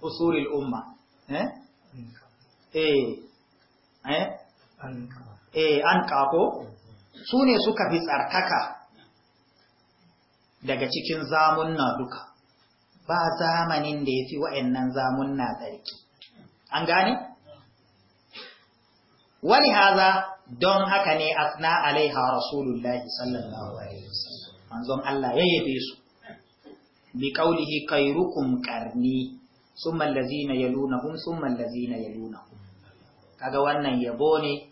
usulul umma eh, eh. eh? eh an kako, su ne suka fi tsarkaka daga cikin zamunna duka ba zamanin da ya fi wa'annan zamunna tsarki an gane wani haza don haka ne asna alaiha rasulullahi sallallahu alaihi wasallam manzon Allah ya yabe su bi qaulihi khairukum qarni summa allazina yalunahum summa allazina yalunahum kaga wannan yabo ne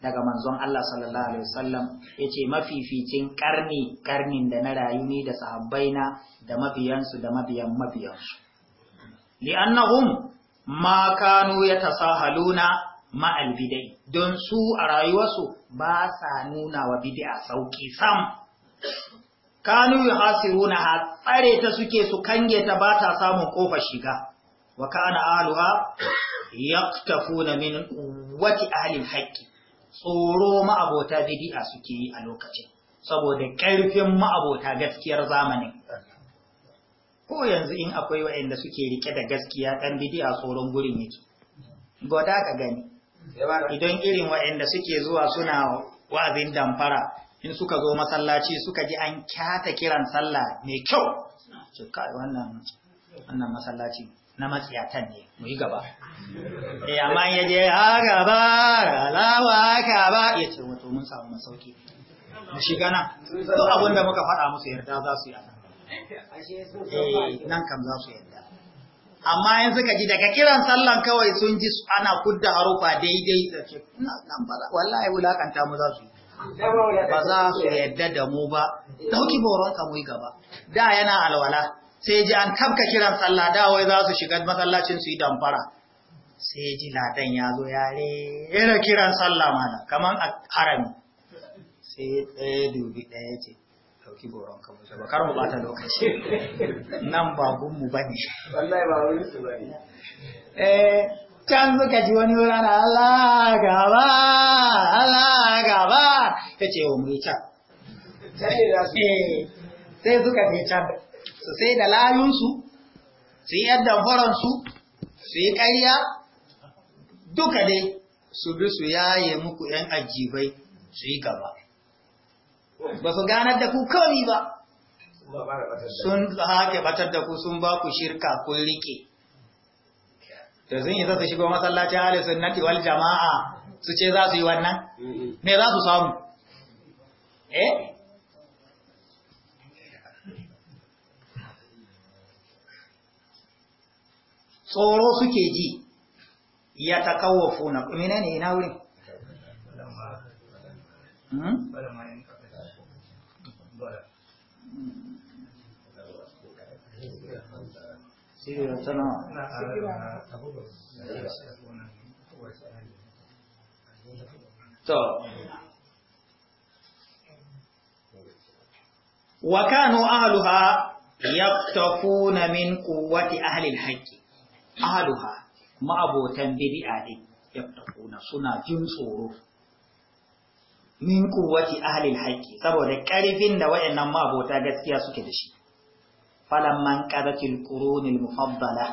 daga manzon Allah sallallahu alaihi wasallam yace mafificin karni karnin da na rayu ni da sahabbaina da mabiyansu da mabiyan mabiyansu li'annahum ma kanu yatasahaluna ma'al bidai don su a rayuwarsu ba sa nuna wa bidi'a sauki sam kanu na ha tsare ta suke su kange ta ba ta samun ƙofa shiga wa ya tafi na min wati ahalin haƙƙi. tsoro ma'abota bid'a suke yi a lokacin saboda ƙarfin ma'abota gaskiyar zamanin ko yanzu in akwai waɗanda suke rike da gaskiya ɗan bidi'a tsoron gurin yake gwada ka gani idan irin waɗanda suke zuwa suna wa'azin damfara in suka zo masallaci suka ji an kyata kiran sallah mai kyau ce wannan wannan masallaci na matsiyatan ne mu yi gaba eh amma ya je ha gaba ka ba ya ce wato mun samu masauki mu shiga nan duk abin da muka faɗa musu yarda za su yi a nan eh, kam za su yarda amma yanzu ka ji daga kiran sallan kawai sun ji ana kudda harufa daidai da ce wallahi wulakanta mu za su ba za su yadda da mu ba dauki boron ka muyi gaba da yana alwala sai ji an tabka kiran sallah da wai za su shiga masallacin su yi damfara sai ji ladan ya zo ya Yana kiran sallah mana kaman harami sai ɗaya dubi ɗaya ce ɗauki goron ka musa ba kar mu bata lokaci nan gun mu bane wallahi ba wurin su bane eh can suka ji wani wurin Allah gaba Allah gaba kace wa mu ta eh, sai suka je can su sai da layun su yi yadda faransu su yi ƙarya duka dai su bi su yaye muku ‘yan ajibai su yi gaba’ ba su ganar da ku kawai ba sun hake batar da ku sun ba ku shirka kun rike da sun yi su shigo masallacin halin sunnati wal jama'a su ce za su yi wannan me za su samu eh tsoro suke ji ya ta kawo funa ne ina wurin? إيه، وكانوا أهلها يقتفون من قوة أهل الحج أهلها ما أبو تنبيه آدي يقتفون صنع جن من قوة أهل الحج سبو ذكر فين دوائنا ما أبو تاقت فيها سكدشي falamman qadatil qurunil mufaddala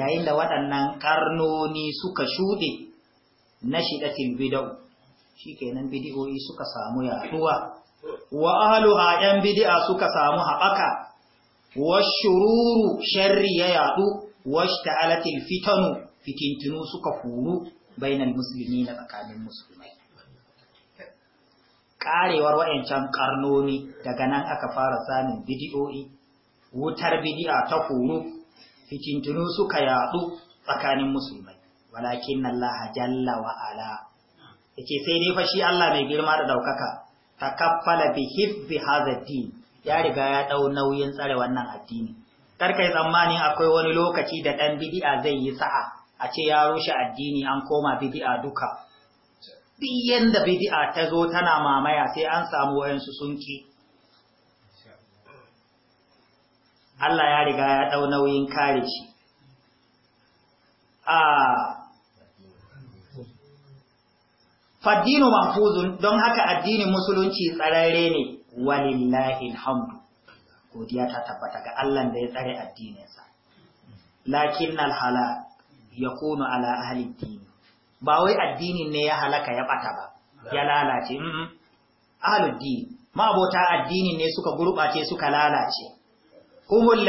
yayin da waɗannan karnoni suka shuɗe na shidatil shi kenan bid'o'i suka samu yaduwa wa ahluha yan bid'a suka samu haɓaka washururu sharri ya yaɗu washta'alatil fitanu fitintinu suka kuru bainal musulmi na tsakanin musulmai karewar wayancan karnoni daga nan aka fara samun bidiyoyi wutar bidi'a ta koru fitintunu suka yadu tsakanin musulmai walakin Allah jalla wa ala yace sai dai fa shi Allah mai girma da daukaka takaffala bi hifzi hadha din ya riga ya dau nauyin tsare wannan addini karkai tsammanin akwai wani lokaci da dan bidi'a zai yi sa'a a ce ya rushe addini an koma bidi'a duka duk yanda bidi'a ta zo tana mamaya sai an samu wayansu sunki Allah ya riga ya ɗau nauyin kare shi. A ah. faddinu mafuzun don haka addinin musulunci tsararre ne walillahi alhamdu godiya ta tabbata ga Allah da ya tsare addininsa lakin alhala yakunu ala ahli din ba wai addinin ne ya halaka ya bata ba ya lalace ahli din ma addinin ne suka gurbace suka lalace humul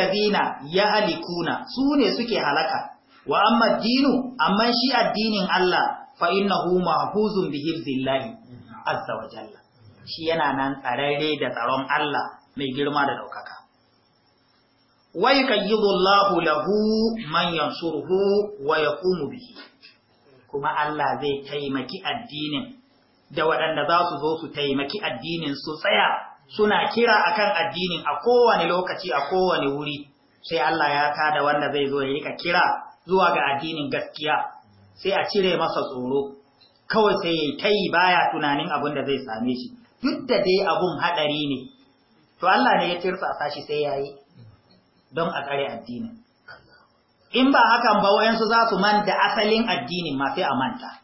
ya alikuna su ne suke halaka wa amma dinu amma shi addinin Allah fa innahu mahfuzun bi hifzillahi azza wa jalla shi yana nan tsararre da tsaron Allah mai girma da daukaka wai yi lahu man yansuruhu wa yaqumu bihi kuma Allah zai taimaki addinin da waɗanda za su zo su taimaki addinin su tsaya suna kira akan addinin a kowane lokaci a kowane wuri sai Allah ya tada wanda zai zo ya ka kira zuwa ga addinin gaskiya sai a cire masa tsoro kawai sai ya baya tunanin abin da zai same shi duk da dai abun haɗari ne to Allah ne ya tirsa a sashi sai ya don a tsare addinin in ba hakan ba wa'yansu za su manta asalin addinin ma sai a manta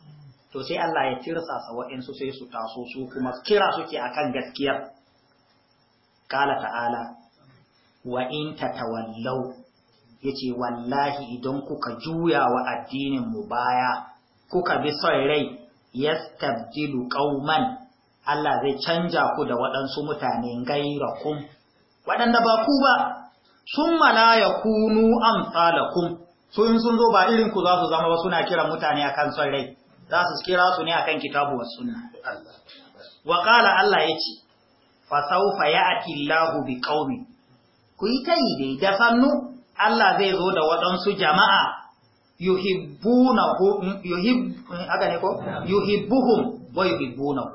to sai Allah ya sa wa'yansu sai su taso su kuma kira suke akan gaskiya Kala ta'ala, wa in tatawallau yace wallahi idan kuka juya wa addinin mu baya, kuka bi son rai, yastabdilu qauman Allah zai canja ku da waɗansu mutane gairakum, waɗanda ba ku ba, sun mala ya kunu amsalakum, sun sun zo ba irin ku za su zama ba suna kira mutane akan son rai, za su kira su ne akan kitabu wa suna. Wa Allah ya ce, fasaufa lahu bi ƙauni. ku yi yi dai da sannu Allah zai zo da waɗansu jama'a yuhibbuhun wa yuhibbunahu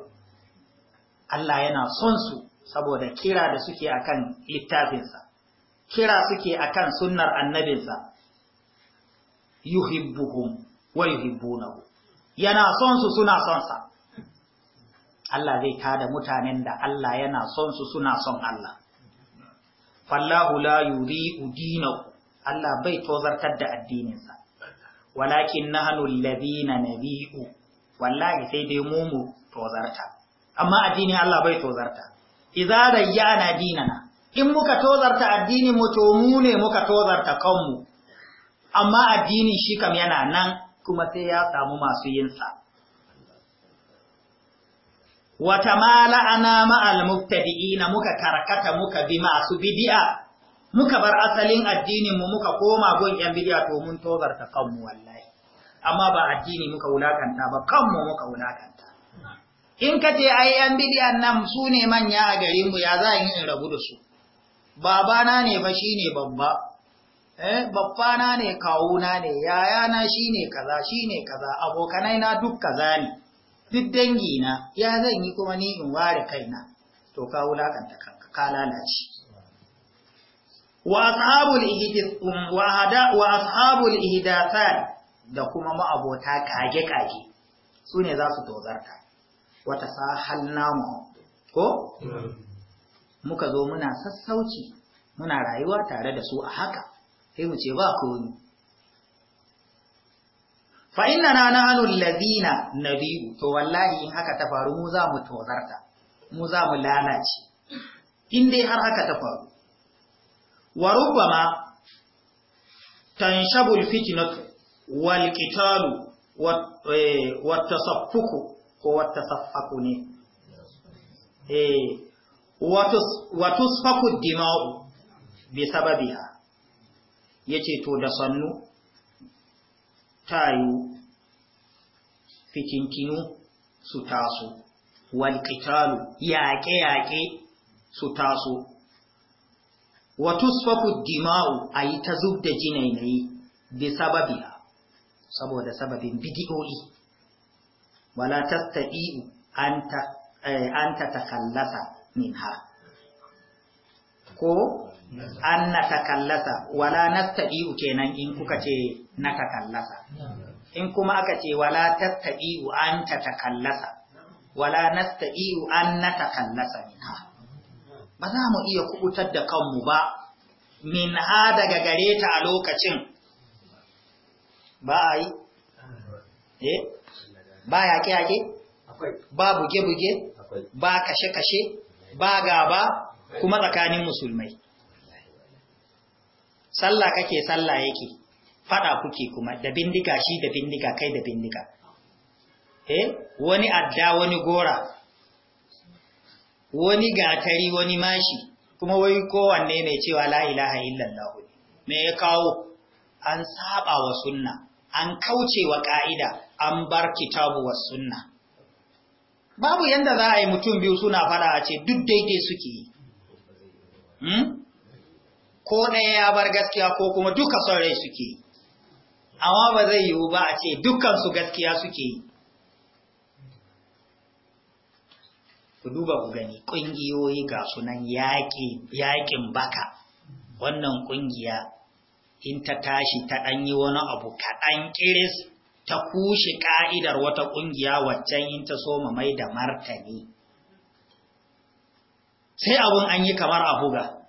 Allah yana son su saboda kira da suke akan littafinsa kira suke akan sunar annabinsa yuhibbuhun wa yuhibbunahu yana son su suna son sa Allah zai kada mutanen da Allah yana son su suna son Allah fallahu la yuri dinahu Allah bai tozartar da addininsa walakin nahnu na nabi'u wallahi sai dai mumu tozarta amma addini Allah bai tozarta idza rayyana dinana in muka tozarta addinin mu to mu ne muka tozarta kanmu amma addini shi kam yana nan kuma sai ya samu masu yinsa wata mala'ana ma'al mubtadi'ina muka karkata muka bi masu bidi'a muka bar asalin addininmu muka koma gun ‘yan bidi'a to mun tozarta kanmu wallahi amma ba addini muka wulakanta ba kanmu muka wulakanta in ka ce ai ‘yan bidi'an nan su ne manya a garinmu ya za in rabu da su babana ne ba shi ne babba eh babbana ne kawuna ne yayana shine kaza shine kaza abokanai na duk kaza ne duk dangi na ya zan yi kuma ni in ware kaina to ka wulakanta kanka ka lalace wa ashabul ihdith um, wa hada wa ashabul ihdathat da kuma ma'abota kage kage sune za su tozarta wata sahal namu ko muka zo muna sassauci muna rayuwa tare da su a haka sai mu ce ba komi fa inna na nahnu na biyu, to wallahi in haka ta faru mu za mu tozarta mu za mu lalace in dai har haka ta faru wa rubbama tanshabul fitnatu wal qitalu saffuku eh, tasaffuku ko wat tasaffaku ne eh wa tusfaku dima'u bi sababiha yace to da sannu tayu fitintinu su taso walƙitalu yaƙe-yaƙe su taso wato sufafu dima'u a yi ta zub da jinainai bi sababiya saboda sababin bidiyoyi wala ta staɗi'u eh, an ta takallasa min ha ko an na takallasa wala na staɗi'u kenan in kuka ce na takallasa in kuma aka ce wala tattabi'u an takallasa wala nasta'i'u an takallasa minha ba za mu iya kubutar da kanmu ba minha daga gare ta a lokacin ba a yi eh? ba yaƙe yaƙe ba buge buge ba kashe kashe ba gaba kuma tsakanin musulmai sallah kake sallah yake fada kuke kuma da bindiga shi da bindiga kai da bindiga eh wani adda wani gora wani gatari wani mashi kuma wai kowanne mai cewa la ilaha illallah me ya kawo an saba wa sunna an kauce wa ka'ida an bar kitabu wa sunna babu yanda za a yi mutum biyu suna fada a ce duk daidai suke yi hmm? ko ɗaya ya bar gaskiya ko kuma duka son suke yi amma ba zai yiwu ba a ce dukkansu gaskiya suke yi ku duba ku gani ƙungiyoyi ga sunan yaƙin baka wannan ƙungiya in ta tashi ta ɗan yi wani abu kaɗan ƙiris ta kushe ƙa'idar wata ƙungiya waccan in ta soma mai da martani sai abun an yi kamar a buga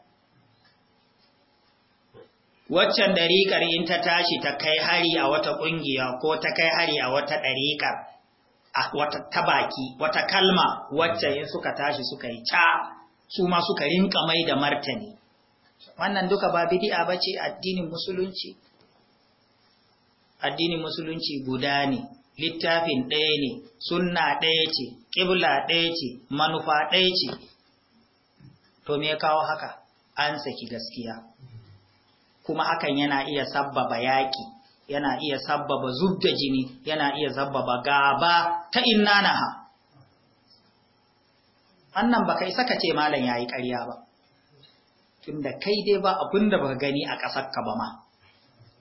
waccan ɗariƙar in ta tashi ta kai hari a wata ƙungiya ko ta kai hari a wata ɗariƙar a wata tabaki wata kalma wacce in suka tashi suka yi ca su ma suka rinka mai da martani wannan duka ba bidi'a ba ce addinin musulunci addinin musulunci guda ne littafin ɗaya ne sunna ɗaya ce ƙibla ɗaya ce manufa ɗaya ce to me kawo haka an saki gaskiya kuma hakan yana iya sabbaba yaƙi yana iya sabbaba zubda jini yana iya sabbaba gaba ta ha annan ba kai saka ce malam yayi ƙarya ba tunda kai dai ba abinda baka gani a ƙasar ka ba ma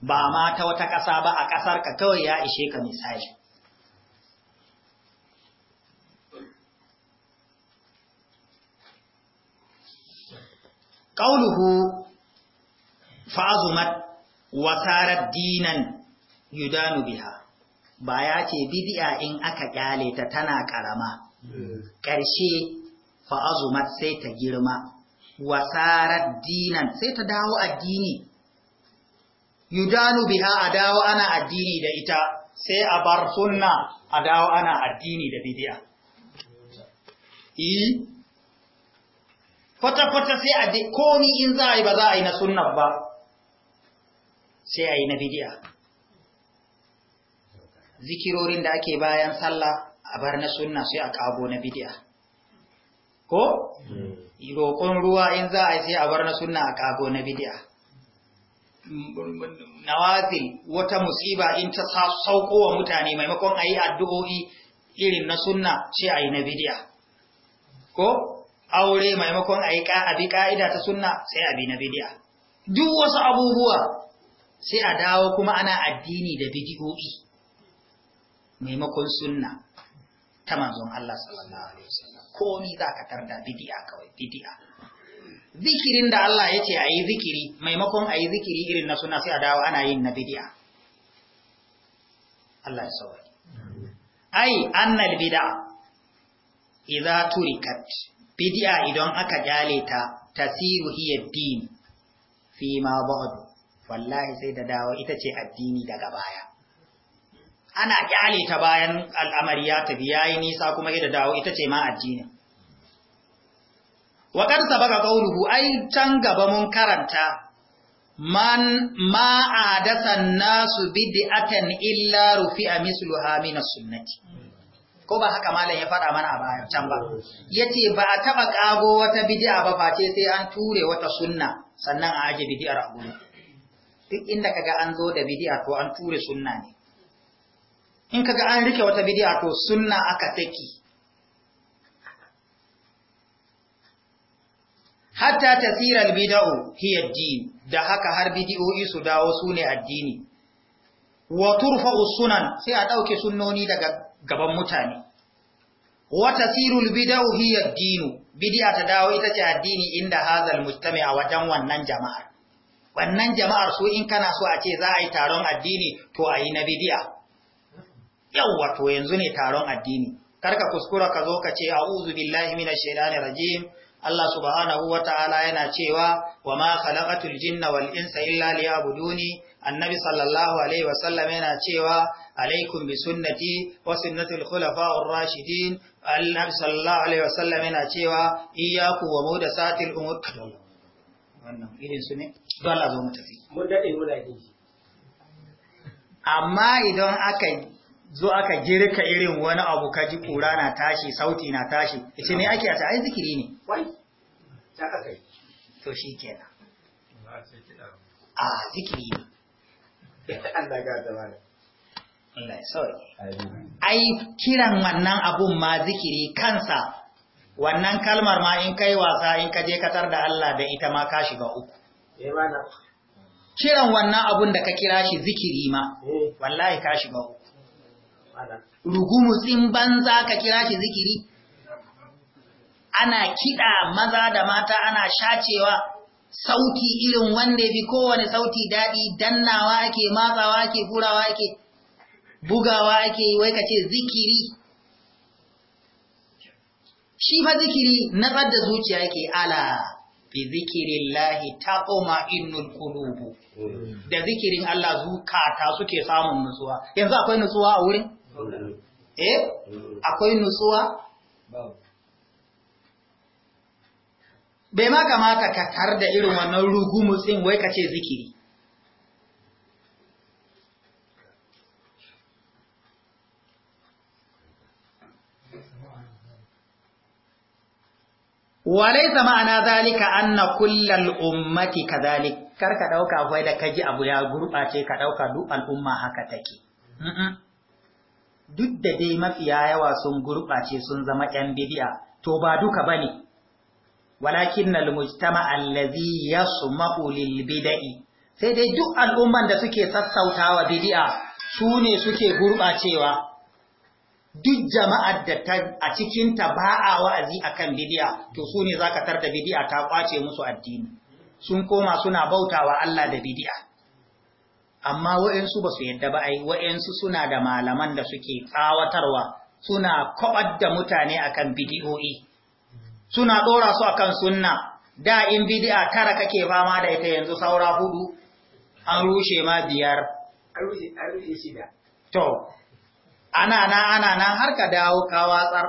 ba ma ta wata ƙasa ba a ƙasar ka kawai ya ishe ka misali qauluhu fazumat wasarar dinan yudanu biha ba ya ce bidiya in aka kyale ta tana karama ƙarshe fa'azumat sai ta girma wasarar dinan sai ta dawo addini yudanu biha a dawo ana addini da ita sai a bar sunna a dawo ana addini da bidiya eh? kwata-kwata sai a komi in za a yi ba za a yi na sunna ba sai a yi na bidiya zikirorin da ake bayan sallah a bar na sunna sai a kago na bidiya ko hmm. roƙon ruwa in za a yi sai a bar na sunna a kago na bidiya nawazil wata musiba in ta sauko wa mutane maimakon a yi addu'o'i irin na sunna sai a yi na bidiya ko aure maimakon a yi ƙa'abi ƙa'ida ta sunna sai abi na bidiya duk wasu abubuwa sai a dawo kuma ana addini da bidiyoyi maimakon sunna ta manzon Allah sallallahu alaihi wasallam za ka tarda bidiya kawai bidiya zikirin da Allah yace ayi zikiri maimakon ayi zikiri irin na sunna sai a dawo ana yin na bidiya Allah ya sauke ai annal bid'a idza turikat bid'a idan aka jale ta tasiru hiya din fi ma ba'd wallahi sai da dawo ita ce addini daga baya ana kyale ta bayan al'amari ya tafi yayi nisa kuma ita dawo ita ce ma addini wa kan sabaka qawluhu ay tan gaba mun karanta man ma adasa nasu bid'atan illa rufi'a misluha min as-sunnati ko ba haka malam ya fada mana a baya can ba yace ba a taba kago wata bid'a ba face sai an ture wata sunna sannan a aje bid'ar a duk inda kaga an zo da bid'a to an ture sunna ne in kaga an rike wata bid'a to sunna aka saki hatta tasira albid'u hiya ad-din da haka har bid'o'i su dawo sune addini wa turfa'u sunan sai a dauke sunnoni daga gaban mutane wa tasiru albid'u hiya ad-din bid'a ta dawo ita ce addini inda hazal mujtami'a wajen wannan jama'ar wannan jama'ar su in kana so a ce za a yi taron addini to a yi na bidiya Yau wato yanzu ne taron addini karka kuskura ka zo ka ce a'udhu billahi minash shaitani rajim Allah subhanahu wata'ala yana cewa wa ma khalaqatul jinna wal insa illa liya'buduni annabi sallallahu alaihi wasallam yana cewa alaikum bi sunnati wa sunnatul khulafa'ur rashidin annabi sallallahu alaihi wasallam yana cewa iyyaku wa mudasatil umur wannan irin su ne don Allah zo mu tafi mun dade muna yi amma idan aka zo aka girka irin wani abu ka ji kura na tashi sauti na tashi ce ne ake ta ai zikiri ne wai ta aka yi to shi kenan a zikiri ne Allah ga zamana Allah ya sauri ai kiran wannan abun ma zikiri kansa wannan kalmar ma in kai wasa in ka je katar da Allah da ita ma ka shiga uku eh, kiran wannan abun da ka kira shi zikiri ma eh. wallahi ka shiga uku tsin banza ka kira shi zikiri ana kiɗa maza da mata ana shacewa sauti irin wanda ya fi kowane sauti daɗi dannawa ake matsawa ake gurawa ake bugawa ake wai ka ce zikiri shi fa zikiri na da zuciya ke ala bi ta koma inul kulubu, da zikirin Allah zukata suke samun nutsuwa yanzu akwai nutsuwa a wurin eh akwai nutsuwa bai ma kamata ka tar da irin wannan rugumutsin wai ka ce zikiri walaisa ma'ana zalika anna kullal ummati kadhalik kar ka ɗauka wai da kaji abu ya gurɓace ka ɗauka duk al'umma haka take duk da dai mafiya yawa sun gurɓace sun zama yan bidi'a to ba duka bane walakin al mujtama allazi su lil bid'i sai dai duk al'umman da suke sassautawa bidi'a su ne suke gurɓacewa. duk jama'ar da ta a cikinta ba a wa'azi a kan bidiya, to su ne za ka tarda bidiya ta kwace musu addini, sun koma suna bautawa Allah da bidiya. Amma wa'insu ba su yadda ba ai, Wa'insu suna da malaman da suke tsawatarwa, suna kwabar da mutane a kan bidiyoyi, suna ɗora su a kan sunna, da in bidiya tara kake fama da ita yanzu saura hudu, an rushe ma biyar. An rushe shida. To, ana nan ana nan har ka dawo ka watsar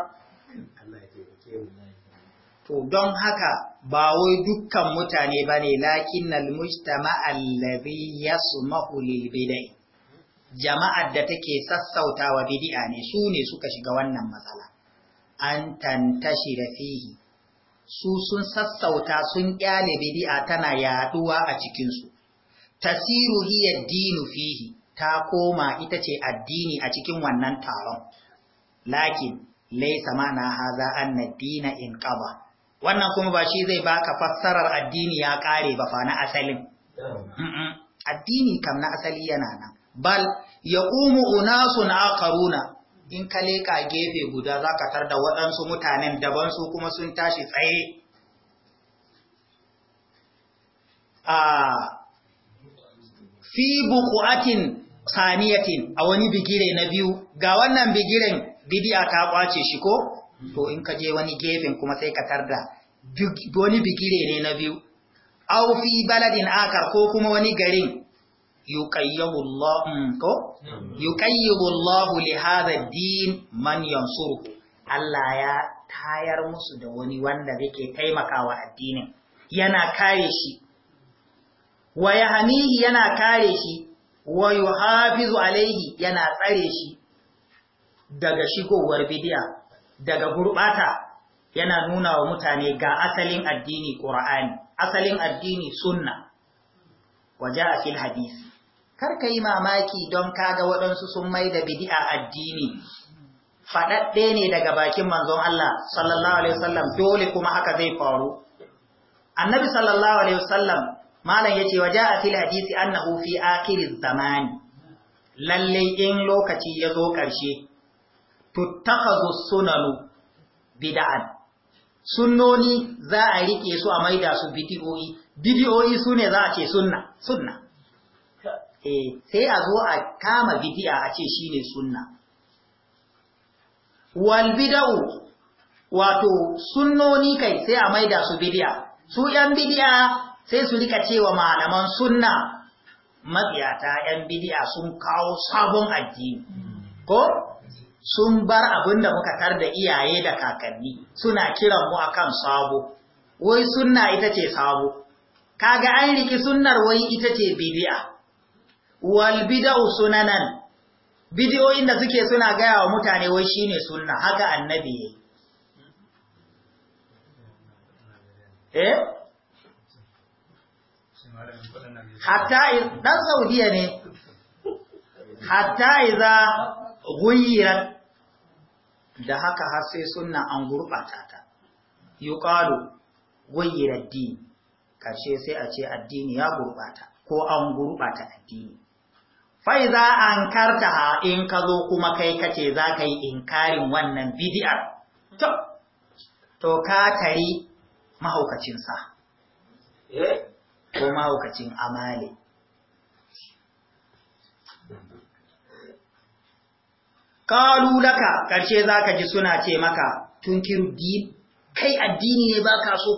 to don haka ba wai dukkan mutane ba ne lakinnal mujtama allazi yasmahu lil bid'ah jama'ar da take sassautawa bid'a ne su ne suka shiga wannan matsala an tantashi da fihi su sun sassauta sun kyale bid'a tana yaduwa a cikin su tasiru hiya dinu fihi ta koma ita ce addini a cikin wannan taron lakin laisa ma'ana haza anna dina in qaba wannan kuma ba shi zai baka fassarar addini ya kare ba fa na asalin addini kam na asali yana nan bal yaqumu unasun karuna. in ka leka gefe guda zaka tar da waɗansu mutanen daban su kuma sun tashi tsaye a ah, fi buqatin saniyatin a wani bigire na biyu ga wannan bigiren bidiya ta kwace shi ko to in ka je wani gefen kuma sai ka tarda wani bigire ne na biyu aw fi baladin akar ko kuma wani garin yuqayyibu Allah mm, ko yuqayyibu Allah li hadha ad-din man yansuru Allah ya tayar musu da wani wanda yake taimakawa addinin yana kare shi wa yahmihi yana kare shi wa yuhafizu alaihi yana tsare shi daga shigowar bidiya daga gurbata yana nuna wa mutane ga asalin addini qur'ani asalin addini sunna waje a fil hadisi karka yi mamaki don kaga waɗansu sun mai da bidi'a addini faɗaɗɗe ne daga bakin manzon Allah sallallahu alaihi wasallam dole kuma haka zai faru annabi sallallahu alaihi wasallam malam yace wa a fil hadisi annahu fi akhiriz zamani lalle in lokaci ya zo ƙarshe tuttakhadhu sunanu bid'an sunnoni za a rike su a maida su bidiyoyi bidiyoyi sune za a ce sunna sunna eh sai a zo a kama bidi'a a ce shine sunna wal bid'u wato sunnoni kai sai a maida su bidi'a su yan bidi'a sai su rika cewa malaman sunna matsiyata ‘yan bidiya sun kawo sabon addini ko sun bar abin da muka tar da iyaye da kakanni suna kiran mu akan sabo wai sunna ita ce sabo kaga an riki sunnar wai ita ce bidiya wal bida'u sunanan bidiyoyin da suke suna gaya wa mutane wai shine sunna haka annabi eh hatta dan saudiya ne hatta iza da haka har sai sunna an gurɓata ta yuqalu guyirar din karshe sai a ce addini ya gurbata ko an gurɓata addini fai za an karta in ka zo kuma kai kace za ka yi inkarin wannan bidiyar to ka tari mahaukacinsa eh? ko mawukacin amale kalu laka ƙarshe za ka ji suna ce maka tunkiru din kai addini ne ba ka so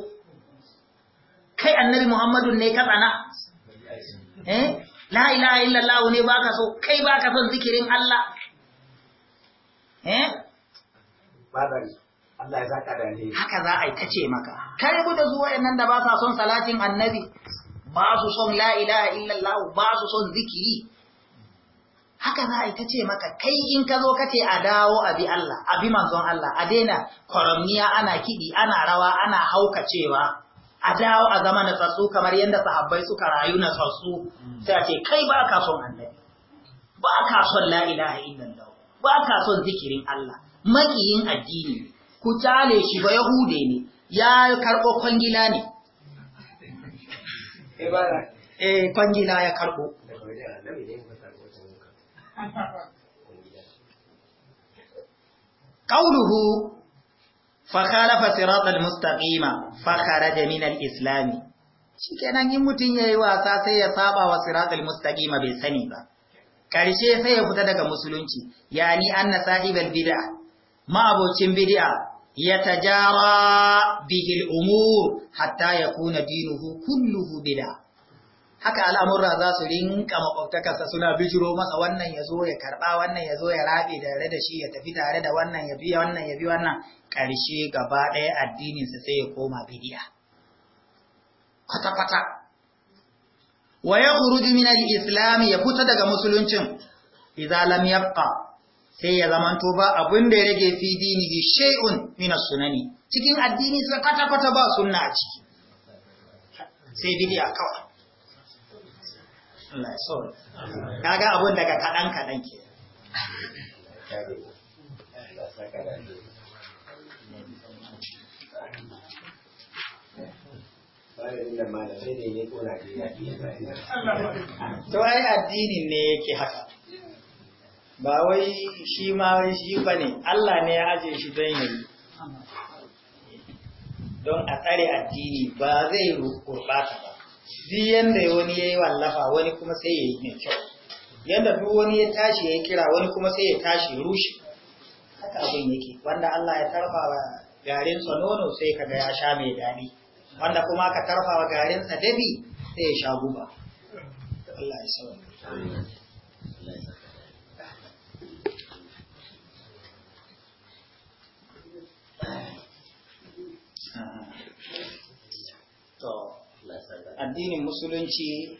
kai annabi muhammadun ne ka tsana eh? la ilaha illallah ne ba ka so kai ba ka son zikirin Allah eh? haka za a yi ta ce maka kai bu da zuwa yannan da ba sa son salatin annabi ba su son la ilaha ba su son zikiri haka za a ta ce maka kai in ka zo kace a dawo abi Allah abi manzon Allah a daina kwaramniya ana kidi ana rawa ana hauka cewa a dawo a zama na tsatsu kamar yadda sahabbai suka rayu na tsatsu sai a ce kai ba ka son annabi ba ka son la ilaha ba ka son zikirin Allah makiyin addini ku tale shi ba yahude ne ya karɓo kwangila ne eh kwangila ya karbo Fakara fa khalafa siratal mustaqima fa kharaja min al-islam shikenan in mutun yayi wasa sai ya saba wa siratal mustaqima bai sani ba karshe sai ya fita daga musulunci yani anna sahibal bid'a ma abocin bid'a Ya ta bihi bihil umur hatta ya yakuna dinuhu kulluhu bid'a haka al'amurra za su rinka maƙwabtakarsa suna bijiro masa wannan ya zo ya karɓa wannan ya zo ya raɓe da yare da shi ya tafi tare da wannan ya biya wannan ya bi wannan ƙarshe gaba ɗaya addininsa sai ya koma bidiya kwata-kwata wa ya kuruji min al ya fita daga musuluncin izalam lam yabqa sai ya to ba abin da ya rage fi dinihi shay'un min as-sunani cikin addini sai kwata kwata ba sunna a ciki sai bid'a kawai Allah ya sauri kaga abin daga kadan kadan ke To ai addinin ne yake haka. ba wai shi ma wai shi ba ne Allah ne ya ajiye shi don yi don a tsare addini ba zai gurɓata ba duk yadda wani ya yi wallafa wani kuma sai ya yi mai kyau yadda duk wani ya tashi ya kira wani kuma sai ya tashi rushe haka abin yake wanda Allah ya tarfa wa garinsa nono sai kaga ya sha mai daɗi wanda kuma aka tarfa wa sa dabi sai ya sha guba addinin musulunci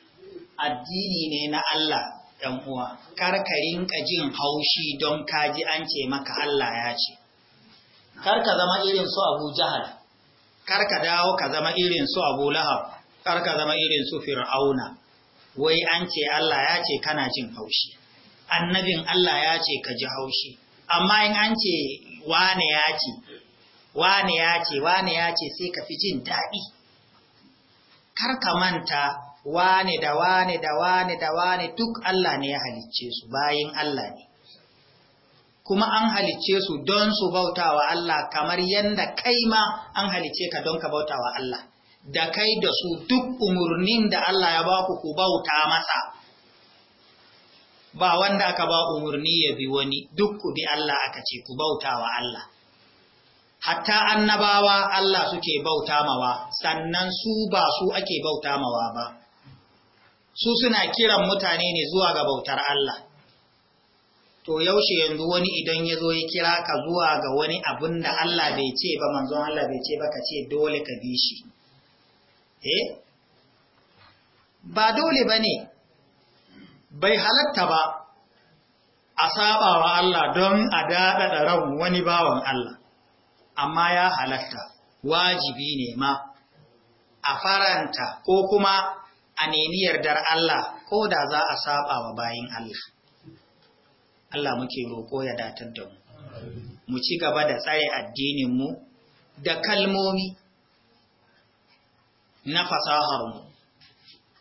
addini ne na Allah ɗan uwa karkarin ka jin haushi don kaji an ce maka Allah ya ce karka zama irin su Abu Jahal karka dawo ka zama irin su Abu Lahab karka zama irin su Fir'auna wai an ce Allah ya ce kana jin haushi annabin Allah ya ce ka ji haushi amma in an ce wane ya ce wane ya ce wane ya ce sai ka fi jin daɗi kar ka manta wane da wane da wane da wane duk Allah ne ya halicce su bayin Allah ne kuma an halicce su don su bautawa Allah kamar yadda kai ma an halicce ka don ka bauta wa Allah da kai da su duk umurnin da Allah ya baku ku bauta masa ba wanda aka ba umurni ya bi wani duk ku bi Allah aka ce ku bauta wa Allah hatta annabawa Allah suke bauta mawa sannan su ba su ake bauta mawa ba su suna kiran mutane ne zuwa ga bautar Allah to yaushe yanzu wani idan yazo ya kira ka zuwa ga wani abin da Allah bai ce ba manzon Allah bai ce ba ka ce dole ka bi shi eh ba dole ba bai halatta ba a sabawa Allah don a daɗaɗa ran wani bawan Allah amma ya halatta wajibi ne ma a faranta ko kuma a nemi yardar Allah ko da za a saba wa bayin Allah Allah muke roƙo ya datar da mu mu ci gaba da tsare addinin mu da kalmomi na fasaharmu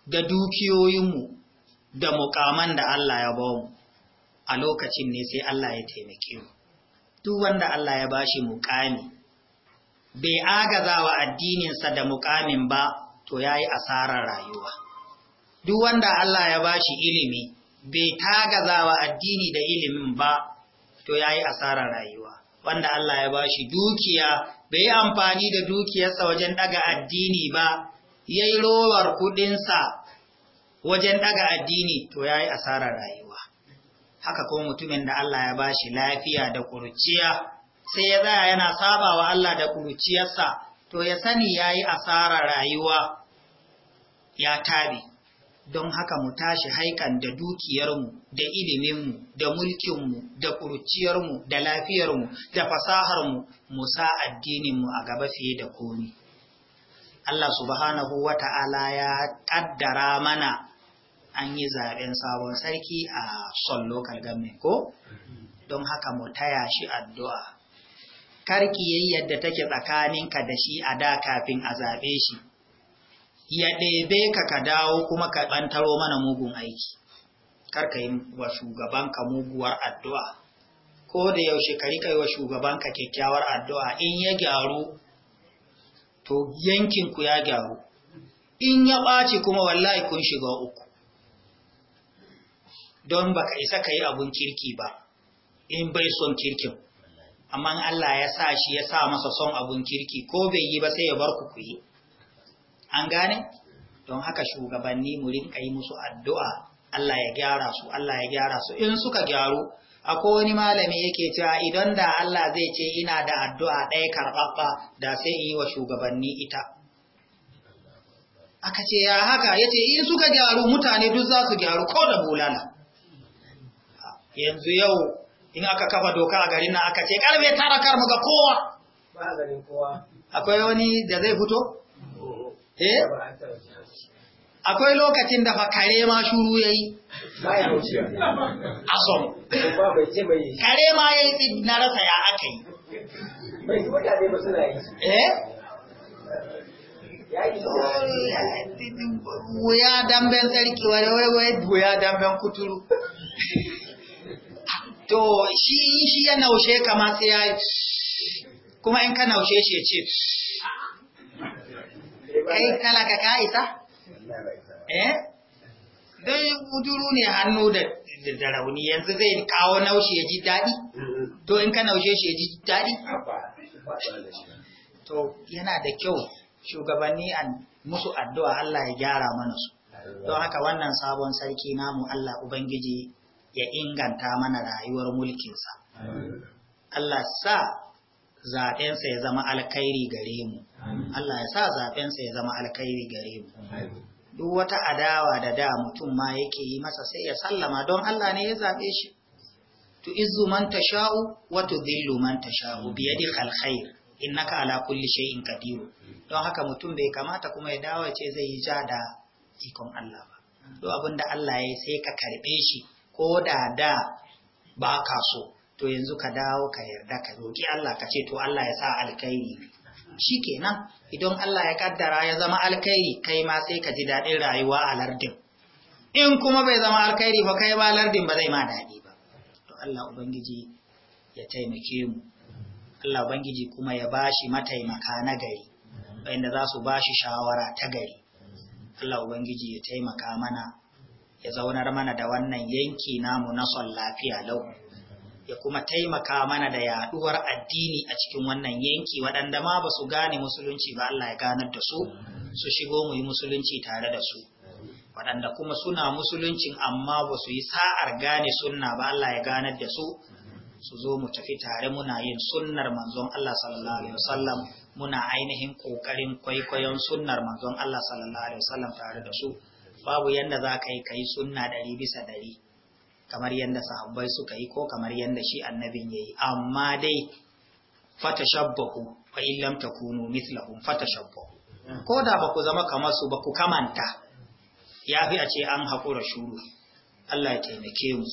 da dukiyoyinmu da muƙaman da Allah ya ba mu a lokacin ne sai Allah ya taimake mu duk wanda Allah ya bashi muƙami bai agazawa addininsa da muƙamin ba to yayi asarar rayuwa duk wanda Allah ya bashi ilimi bai tagazawa addini da ilimin ba to yayi asarar rayuwa wanda Allah ya bashi dukiya bai yi amfani da dukiyarsa wajen daga addini ba yayi rowar kuɗinsa wajen daga addini to yayi asarar rayuwa haka ko mutumin da Allah ya bashi lafiya da kurciya sai ya zaya yana sabawa Allah da kurciyarsa to ya sani yayi asara rayuwa ya tabi don haka mu tashi haikan da dukiyarmu da iliminmu da mulkinmu da kurciyarmu da lafiyarmu da fasaharmu mu sa addininmu a gaba fiye da komi Allah subhanahu wata'ala ya kaddara mana an yi zaɓen sabon sarki a son local government ko don haka mu taya shi addu'a karki yayi yadda take tsakaninka da shi a da kafin a zaɓe shi ya ɗebe ka ka dawo kuma ka ɓantaro mana mugun aiki karka yi wa shugabanka muguwar addu'a ko da yaushe ka rika yi wa shugabanka kyakkyawar addu'a in ya gyaru to yankinku ya gyaru in ya ɓaci kuma wallahi kun shiga uku don baka isa ka yi abun kirki ba in bai son kirkin amma Allah ya sa shi ya sa masa son abun kirki ko bai yi ba sai ya bar ku ku yi an gane don haka shugabanni mu rinka yi musu addu'a Allah ya gyara su Allah ya gyara su in suka gyaru akwai wani malami yake cewa idan da Allah zai ce ina da addu'a ɗaya karɓaɓɓa da sai yi wa shugabanni ita. Aka ce ya haka ya ce in suka gyaru mutane duk za su gyaru ko da bulala. yanzu yau in aka kafa doka a garin nan aka ce karbe tara kar muga kowa ba garin kowa akwai wani da zai fito eh akwai lokacin da fakare ma shuru yayi baya wuciya asom kare ma yayi din na rasa ya aka yi bai mutane ba suna yi eh wuya damben sarki wa wai wuya damben kuturu to shi in shi ya naushe kama sai ya kuma in ka naushe shi ya ce kai talaka ka isa eh dan uduru ne hannu da da rauni yanzu zai kawo naushe ya ji daɗi to in ka naushe shi ya ji daɗi to yana da kyau shugabanni an musu addu'a Allah ya gyara mana su don haka wannan sabon sarki namu Allah Ubangiji ya inganta mana rayuwar mulkinsa. Allah sa zaɓensa ya zama alkhairi gare mu. Allah ya sa zaɓensa ya zama alkhairi gare mu. Duk wata adawa da da mutum ma yake yi masa sai ya sallama don Allah ne ya zaɓe shi. Tu izu man ta sha'u, wato zillu man ta sha'u, biya di alkhair, innaka ala kulli shay'in kadiru. Don haka mutum bai kamata kuma ya dawo ce zai yi ja da ikon Allah ba. Duk abin da Allah ya sai ka karɓe shi, ko da da ba ka so to yanzu ka dawo ka yarda ka roƙi Allah ka ce to Allah ya sa alkhairi shi kenan idan Allah ya kaddara ya zama alkhairi kai ma sai ka ji daɗin rayuwa a lardin in kuma bai zama alkhairi ba kai ba lardin ba zai ma daɗi ba to Allah ubangiji ya taimake mu Allah ubangiji kuma ya bashi mataimaka na gari wanda za su bashi shawara ta gari Allah ubangiji ya taimaka mana ya zaunar mana da wannan yanki namu na son lafiya lau ya kuma taimaka mana da yaduwar addini a cikin wannan yanki waɗanda ma ba su gane musulunci ba Allah ya ganar da su su shigo mu yi musulunci tare da su waɗanda kuma suna musuluncin amma ba su yi sa'ar gane sunna ba Allah ya ganar da su su zo mu tafi tare muna yin sunnar manzon Allah sallallahu alaihi wasallam muna ainihin kokarin kwaikwayon sunnar manzon Allah sallallahu alaihi wasallam tare da su babu yadda za ka yi ka sunna ɗari bisa ɗari kamar yanda sahabbai suka yi ko kamar yadda shi annabin ya yi amma dai fata shabbahu fa illam takunu mithlahum fata shabbahu hmm. ko da ba ku zama kamar su ba ku kamanta yafi a ce an haƙura shuru Allah ya taimake mu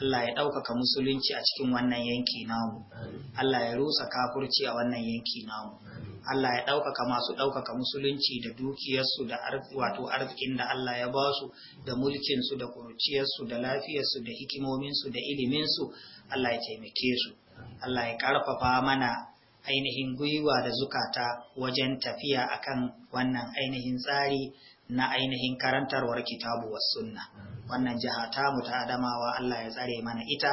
Allah ya ɗaukaka musulunci a cikin wannan yanki namu Allah ya rusa kafurci a wannan yanki namu Allah ya ɗaukaka masu ɗaukaka musulunci da dukiyarsu da wato arzikin da Allah ya ba su da mulkinsu da ƙuruciyarsu da lafiyarsu da hikimominsu da iliminsu Allah ya taimake su Allah ya ƙarfafa mana ainihin gwiwa da zukata wajen tafiya akan wannan ainihin tsari na ainihin karantarwar kitabu was sunna. wannan jiha ta mu ta adamawa Allah ya tsare mana ita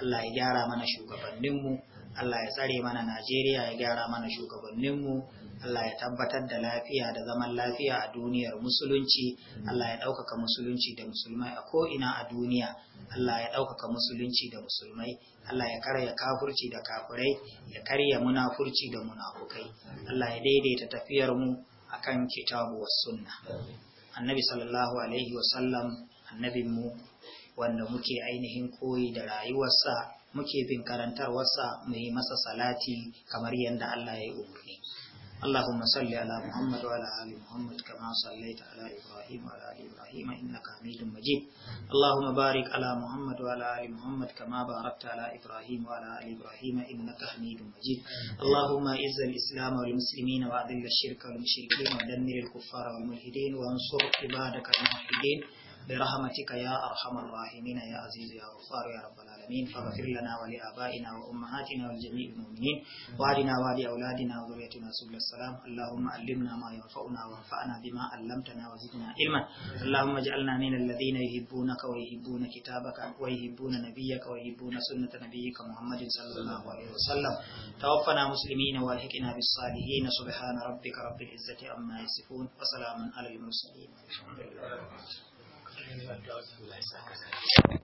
Allah ya gyara mana shugabanninmu Allah ya tsare mana Najeriya ya gyara mana shugabanninmu Allah ya tabbatar da lafiya da zaman lafiya a duniyar musulunci Allah ya ɗaukaka musulunci da musulmai a ko'ina a duniya Allah ya ɗaukaka musulunci da musulmai Allah ya karya kafurci da kafurai ya karya munafurci da munafukai Allah ya daidaita tafiyar mu akan kitabu was sunna annabi sallallahu alaihi wasallam annabinmu wanda muke ainihin koyi da rayuwar sa, muke bin karantar wasa, yi masa salati kamar yadda Allah ya yi umarni. Allahumma salli ala Muhammad wa ala ali Muhammad kama sallaita ala Ibrahim ala ali Ibrahim innaka Hamidum Majid. Allahumma barik ala Muhammad wa ala ali Muhammad kama barakta ala Ibrahim wa ala ali Ibrahim innaka Hamidum Majid. Allahumma izza al-Islam wal muslimin wa adhil ash-shirka wal mushrikeen wa dammir al-kuffara wal mulhidin wa ansur ibadaka al-muhidin. برحمتك يا أرحم الراحمين يا عزيز يا غفار يا رب العالمين فاغفر لنا ولآبائنا وأمهاتنا ولجميع المؤمنين وعدنا وعدي أولادنا وذريتنا سبل السلام اللهم علمنا ما ينفعنا وانفعنا بما علمتنا وزدنا علما اللهم اجعلنا من الذين يحبونك ويحبون كتابك ويحبون نبيك ويحبون سنة نبيك محمد صلى الله عليه وسلم توفنا مسلمين والحقنا بالصالحين سبحان ربك رب العزة عما يصفون وسلام على المرسلين الحمد لله ऐसा करना